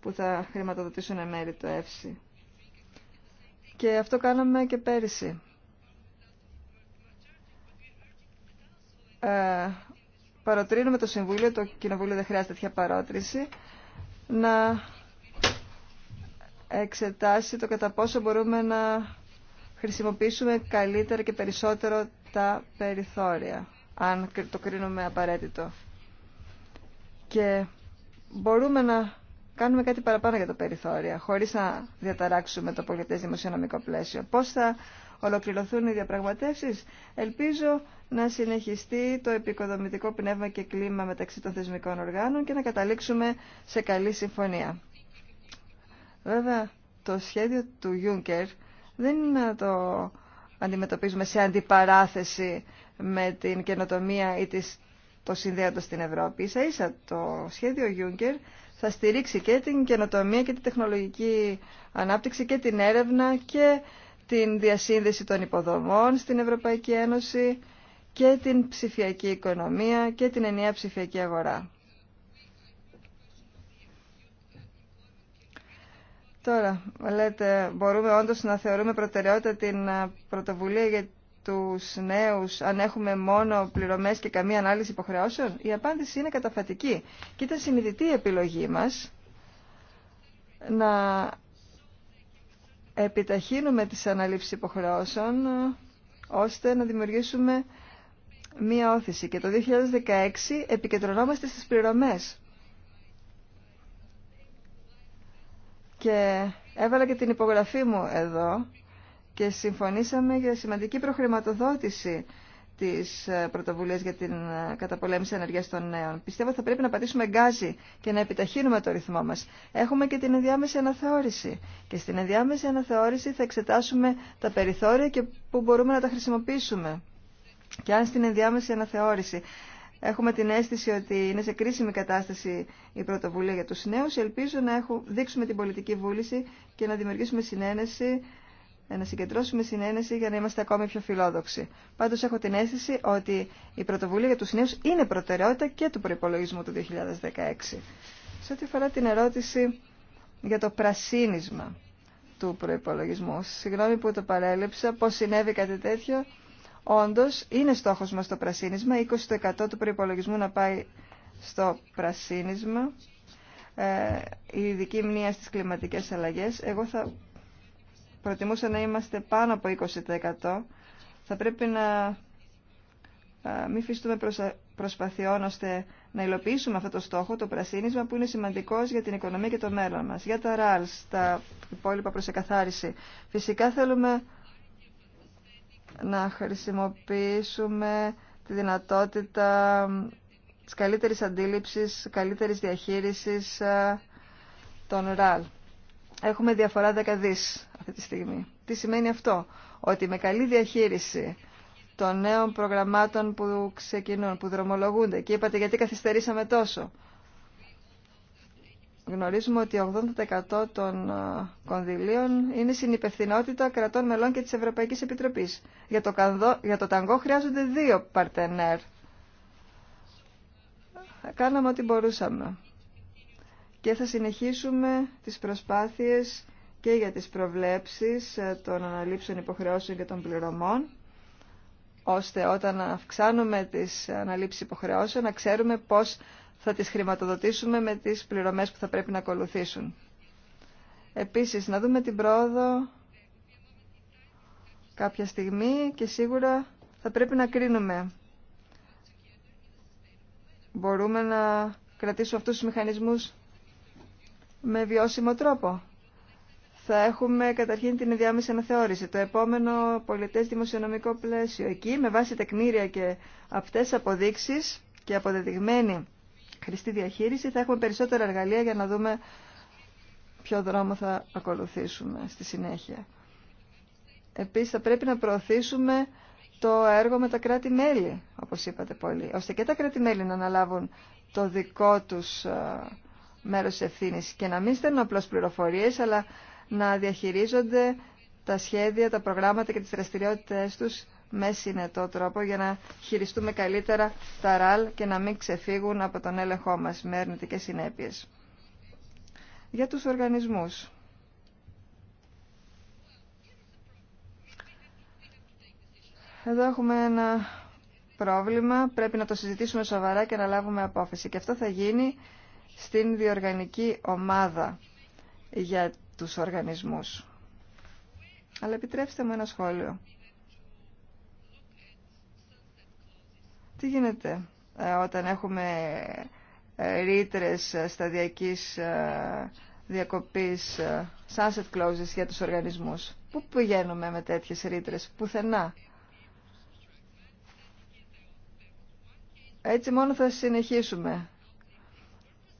που θα χρηματοδοτήσουν μέρη το ΕΦΣΥ. Και αυτό κάναμε και πέρυσι. Ε, παροτρύνουμε το Συμβούλιο, το Κοινοβούλιο δεν χρειάζεται τέτοια παρότριση, να εξετάσει το κατά πόσο μπορούμε να χρησιμοποιήσουμε καλύτερα και περισσότερο τα περιθώρια, αν το κρίνουμε απαραίτητο. Και μπορούμε να κάνουμε κάτι παραπάνω για τα περιθώρια, χωρίς να διαταράξουμε το πολιτές δημοσιονομικό πλαίσιο. Πώς θα ολοκληρωθούν οι διαπραγματεύσεις. Ελπίζω να συνεχιστεί το επικοδομητικό πνεύμα και κλίμα μεταξύ των θεσμικών οργάνων και να καταλήξουμε σε καλή συμφωνία. Βέβαια, το σχέδιο του Juncker δεν είναι να το αντιμετωπίζουμε σε αντιπαράθεση με την καινοτομία ή το συνδέοντα στην Ευρώπη. Ίσα ίσα το σχέδιο Juncker θα στηρίξει και την καινοτομία και την τεχνολογική ανάπτυξη και την έρευνα και την διασύνδεση των υποδομών στην Ευρωπαϊκή Ένωση και την ψηφιακή οικονομία και την ενιαία ψηφιακή αγορά. Τώρα, λέτε, μπορούμε όντως να θεωρούμε προτεραιότητα την πρωτοβουλία για τους νέους αν έχουμε μόνο πληρωμές και καμία ανάλυση υποχρεώσεων. Η απάντηση είναι καταφατική και ήταν συνειδητή η επιλογή μας να επιταχύνουμε τις αναλήψεις υποχρεώσεων ώστε να δημιουργήσουμε μία όθηση. Και το 2016 επικεντρωνόμαστε στις πληρωμές. Και έβαλα και την υπογραφή μου εδώ και συμφωνήσαμε για σημαντική προχρηματοδότηση της ε, πρωτοβουλίας για την ε, καταπολέμηση ενεργείας των νέων. Πιστεύω ότι θα πρέπει να πατήσουμε γκάζι και να επιταχύνουμε το ρυθμό μας. Έχουμε και την ενδιάμεση αναθεώρηση. Και στην ενδιάμεση αναθεώρηση θα εξετάσουμε τα περιθώρια και πού μπορούμε να τα χρησιμοποιήσουμε. Και αν στην ενδιάμεση αναθεώρηση Έχουμε την αίσθηση ότι είναι σε κρίσιμη κατάσταση η πρωτοβουλία για τους νέους. Ελπίζω να έχω, δείξουμε την πολιτική βούληση και να δημιουργήσουμε συνένεση, να συγκεντρώσουμε συνένεση για να είμαστε ακόμη πιο φιλόδοξοι. Πάντως έχω την αίσθηση ότι η πρωτοβουλία για τους νέους είναι προτεραιότητα και του προϋπολογισμού του 2016. Σε ό,τι αφορά την ερώτηση για το πρασίνισμα του προϋπολογισμού. Συγγνώμη που το παρέλεψα, πώς συνέβη κάτι τέτοιο. Όντω είναι στόχο μα το πρασίνισμα, 20% του προπολογισμού να πάει στο πρασίνισμα, ε, η ειδική μνήμα στι κλιματικέ αλλαγέ. Εγώ θα προτιμούσα να είμαστε πάνω από 20%. Θα πρέπει να ε, μην φυστούμε προσπαθειών ώστε να υλοποιήσουμε αυτό το στόχο, το πρασίνισμα, που είναι σημαντικό για την οικονομία και το μέλλον μα. Για τα ράλς, τα υπόλοιπα προ εκαθάριση. Φυσικά θέλουμε να χρησιμοποιήσουμε τη δυνατότητα της καλύτερης αντίληψης, καλύτερης διαχείρισης ε, των ΡΑΛ. Έχουμε διαφορά δεκαδείς αυτή τη στιγμή. Τι σημαίνει αυτό, ότι με καλή διαχείριση των νέων προγραμμάτων που ξεκινούν, που δρομολογούνται και είπατε γιατί καθυστερήσαμε τόσο γνωρίζουμε ότι 80% των ε, κονδυλίων είναι συνυπευθυνότητα κρατών μελών και της Ευρωπαϊκής Επιτροπής. Για το, κανδό, για το ταγκό χρειάζονται δύο παρτενέρ. Κάναμε ό,τι μπορούσαμε. Και θα συνεχίσουμε τις προσπάθειες και για τις προβλέψεις ε, των αναλήψεων υποχρεώσεων και των πληρωμών, ώστε όταν αυξάνουμε τις αναλήψεις υποχρεώσεων να ξέρουμε πώς θα τις χρηματοδοτήσουμε με τις πληρωμές που θα πρέπει να ακολουθήσουν. Επίσης, να δούμε την πρόοδο κάποια στιγμή και σίγουρα θα πρέπει να κρίνουμε. Μπορούμε να κρατήσουμε αυτούς τους μηχανισμούς με βιώσιμο τρόπο. Θα έχουμε καταρχήν την ενδιάμεση αναθεώρηση, το επόμενο πολιτές δημοσιονομικό πλαίσιο. Εκεί, με βάση τεκμήρια και αυτές αποδείξεις και αποδεδειγμένη χρηστή διαχείριση θα έχουμε περισσότερα εργαλεία για να δούμε ποιο δρόμο θα ακολουθήσουμε στη συνέχεια. Επίσης θα πρέπει να προωθήσουμε το έργο με τα κράτη-μέλη, όπως είπατε πολύ, ώστε και τα κράτη-μέλη να αναλάβουν το δικό τους μέρος ευθύνης και να μην στέλνουν απλώς πληροφορίες, αλλά να διαχειρίζονται τα σχέδια, τα προγράμματα και τις δραστηριότητες τους με συνετό τρόπο για να χειριστούμε καλύτερα τα ραλ και να μην ξεφύγουν από τον έλεγχό μας με αρνητικέ συνέπειες. Για τους οργανισμούς. Εδώ έχουμε ένα πρόβλημα, πρέπει να το συζητήσουμε σοβαρά και να λάβουμε απόφαση. Και αυτό θα γίνει στην διοργανική ομάδα για τους οργανισμούς. Αλλά επιτρέψτε μου ένα σχόλιο. Τι γίνεται ε, όταν έχουμε ε, ρήτρε ε, σταδιακής διακοπής sunset closes για τους οργανισμούς. Πού πηγαίνουμε με τέτοιες ρήτρε, πουθενά. Έτσι μόνο θα συνεχίσουμε.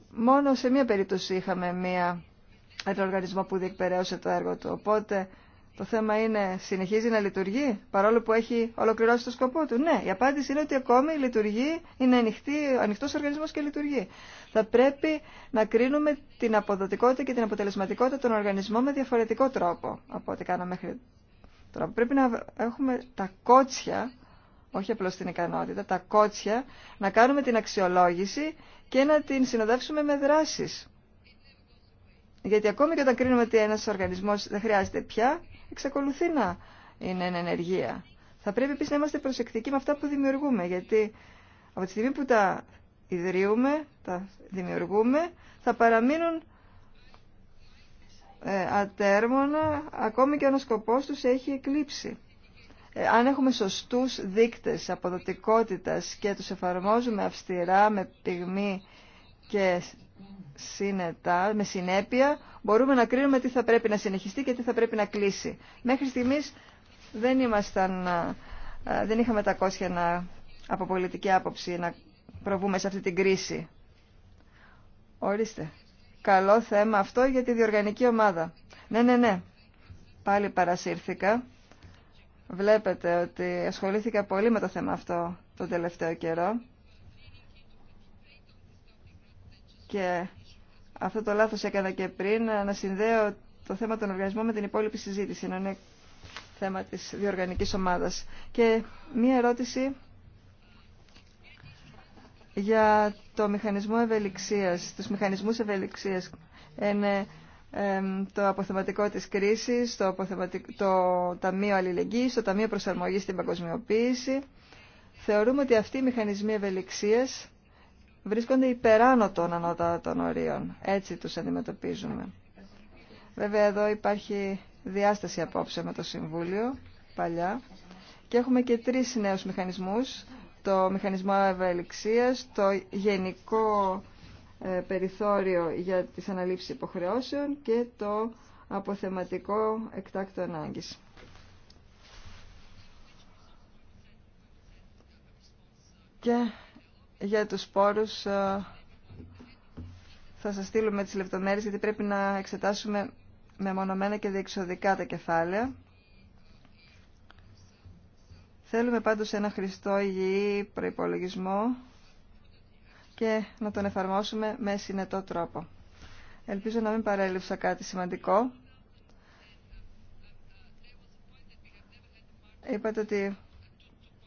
Μόνο σε μία περίπτωση είχαμε μία, ένα οργανισμό που διεκπαιρέωσε το έργο του. Οπότε το θέμα είναι, συνεχίζει να λειτουργεί, παρόλο που έχει ολοκληρώσει το σκοπό του. Ναι, η απάντηση είναι ότι ακόμη λειτουργεί, είναι ανοιχτή, ανοιχτός οργανισμός και λειτουργεί. Θα πρέπει να κρίνουμε την αποδοτικότητα και την αποτελεσματικότητα των οργανισμών με διαφορετικό τρόπο από ό,τι κάναμε μέχρι τώρα. Πρέπει να έχουμε τα κότσια, όχι απλώς την ικανότητα, τα κότσια, να κάνουμε την αξιολόγηση και να την συνοδεύσουμε με δράσεις. Γιατί ακόμη και όταν κρίνουμε ότι ένας οργανισμός δεν χρειάζεται πια, εξακολουθεί να είναι εν ενεργεία. Θα πρέπει επίσης να είμαστε προσεκτικοί με αυτά που δημιουργούμε, γιατί από τη στιγμή που τα ιδρύουμε, τα δημιουργούμε, θα παραμείνουν ε, ατέρμονα, ακόμη και αν ο σκοπός τους έχει εκλείψει. Ε, αν έχουμε σωστούς δείκτες αποδοτικότητας και τους εφαρμόζουμε αυστηρά με πυγμή και συνετά, με συνέπεια, μπορούμε να κρίνουμε τι θα πρέπει να συνεχιστεί και τι θα πρέπει να κλείσει. Μέχρι στιγμής δεν, ήμασταν, δεν είχαμε τα κόσια να, από πολιτική άποψη να προβούμε σε αυτή την κρίση. Ορίστε. Καλό θέμα αυτό για τη διοργανική ομάδα. Ναι, ναι, ναι. Πάλι παρασύρθηκα. Βλέπετε ότι ασχολήθηκα πολύ με το θέμα αυτό τον τελευταίο καιρό. Και αυτό το λάθος έκανα και πριν, να συνδέω το θέμα των οργανισμών με την υπόλοιπη συζήτηση, ενώ είναι θέμα της διοργανικής ομάδας. Και μία ερώτηση για το μηχανισμό ευελιξίας, τους μηχανισμούς ευελιξίας. Είναι το αποθεματικό της κρίσης, το, το Ταμείο Αλληλεγγύης, το Ταμείο Προσαρμογής στην Παγκοσμιοποίηση. Θεωρούμε ότι αυτοί οι μηχανισμοί ευελιξίας βρίσκονται υπεράνω των ανώτατων ορίων. Έτσι τους αντιμετωπίζουμε. Βέβαια εδώ υπάρχει διάσταση απόψε με το Συμβούλιο παλιά και έχουμε και τρεις νέους μηχανισμούς. Το μηχανισμό ευελιξίας, το γενικό ε, περιθώριο για τις αναλήψεις υποχρεώσεων και το αποθεματικό εκτάκτο ανάγκης. Και για τους σπόρους ε, θα σας στείλουμε τις λεπτομέρειες γιατί πρέπει να εξετάσουμε μεμονωμένα και διεξοδικά τα κεφάλαια. Θέλουμε πάντως ένα χρηστό υγιή προϋπολογισμό και να τον εφαρμόσουμε με συνετό τρόπο. Ελπίζω να μην παρέλειψα κάτι σημαντικό. Είπατε ότι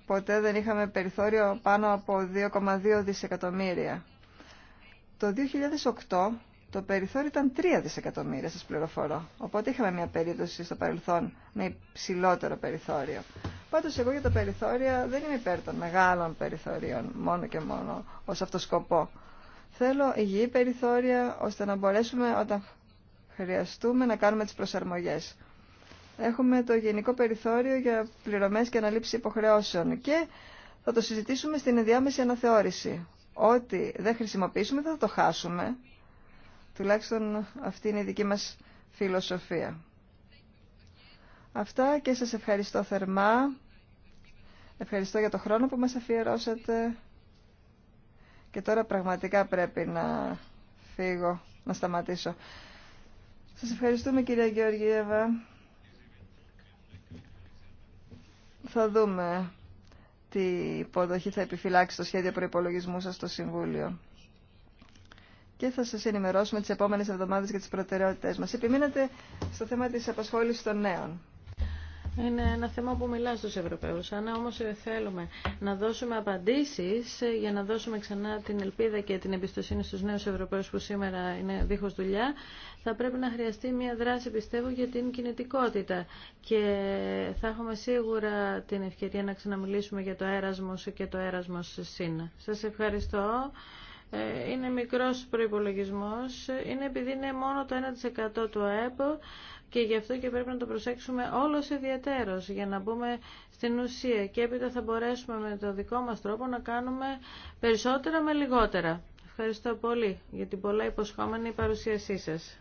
ποτέ δεν είχαμε περιθώριο πάνω από 2,2 δισεκατομμύρια. Το 2008 το περιθώριο ήταν 3 δισεκατομμύρια, σας πληροφορώ. Οπότε είχαμε μια περίπτωση στο παρελθόν με υψηλότερο περιθώριο. Πάντως εγώ για τα περιθώρια δεν είμαι υπέρ των μεγάλων περιθωρίων, μόνο και μόνο ως αυτό σκοπό. Θέλω υγιή περιθώρια, ώστε να μπορέσουμε όταν χρειαστούμε να κάνουμε τις προσαρμογές έχουμε το γενικό περιθώριο για πληρωμές και αναλήψη υποχρεώσεων και θα το συζητήσουμε στην ενδιάμεση αναθεώρηση. Ό,τι δεν χρησιμοποιήσουμε θα το χάσουμε. Τουλάχιστον αυτή είναι η δική μας φιλοσοφία. Αυτά και σας ευχαριστώ θερμά. Ευχαριστώ για το χρόνο που μας αφιερώσατε. Και τώρα πραγματικά πρέπει να φύγω, να σταματήσω. Σας ευχαριστούμε κυρία Γεωργίευα. Θα δούμε τι υποδοχή θα επιφυλάξει το σχέδιο προϋπολογισμού σας στο Συμβούλιο. Και θα σας ενημερώσουμε τις επόμενες εβδομάδες για τις προτεραιότητες μας. Επιμείνατε στο θέμα της απασχόλησης των νέων. Είναι ένα θέμα που μιλά στους Ευρωπαίους. Αν όμως ε, θέλουμε να δώσουμε απαντήσεις ε, για να δώσουμε ξανά την ελπίδα και την εμπιστοσύνη στους νέους Ευρωπαίους που σήμερα είναι δίχως δουλειά, θα πρέπει να χρειαστεί μια δράση, πιστεύω, για την κινητικότητα. Και θα έχουμε σίγουρα την ευκαιρία να ξαναμιλήσουμε για το έρασμος και το έρασμος συν. Σας ευχαριστώ ε, είναι μικρός προϋπολογισμός, είναι επειδή είναι μόνο το 1% του ΑΕΠ και γι' αυτό και πρέπει να το προσέξουμε όλος ιδιαίτερος για να μπούμε στην ουσία και έπειτα θα μπορέσουμε με το δικό μας τρόπο να κάνουμε περισσότερα με λιγότερα. Ευχαριστώ πολύ για την πολλά υποσχόμενη παρουσίασή σας.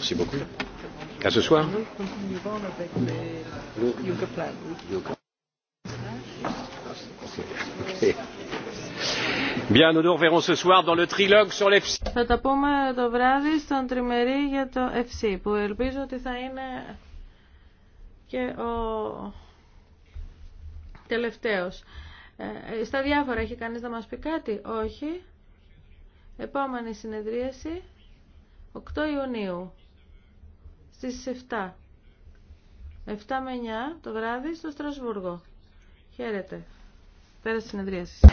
Merci, beaucoup. ce soir. Θα τα πούμε το βράδυ στον τριμερή για το FC που ελπίζω ότι θα είναι και ο τελευταίος. Ε, στα διάφορα έχει κανείς να μας πει κάτι. Όχι. Επόμενη συνεδρίαση 8 Ιουνίου στις 7. 7 με 9 το βράδυ στο Στρασβούργο. Χαίρετε. Πέρα συνεδρίαση.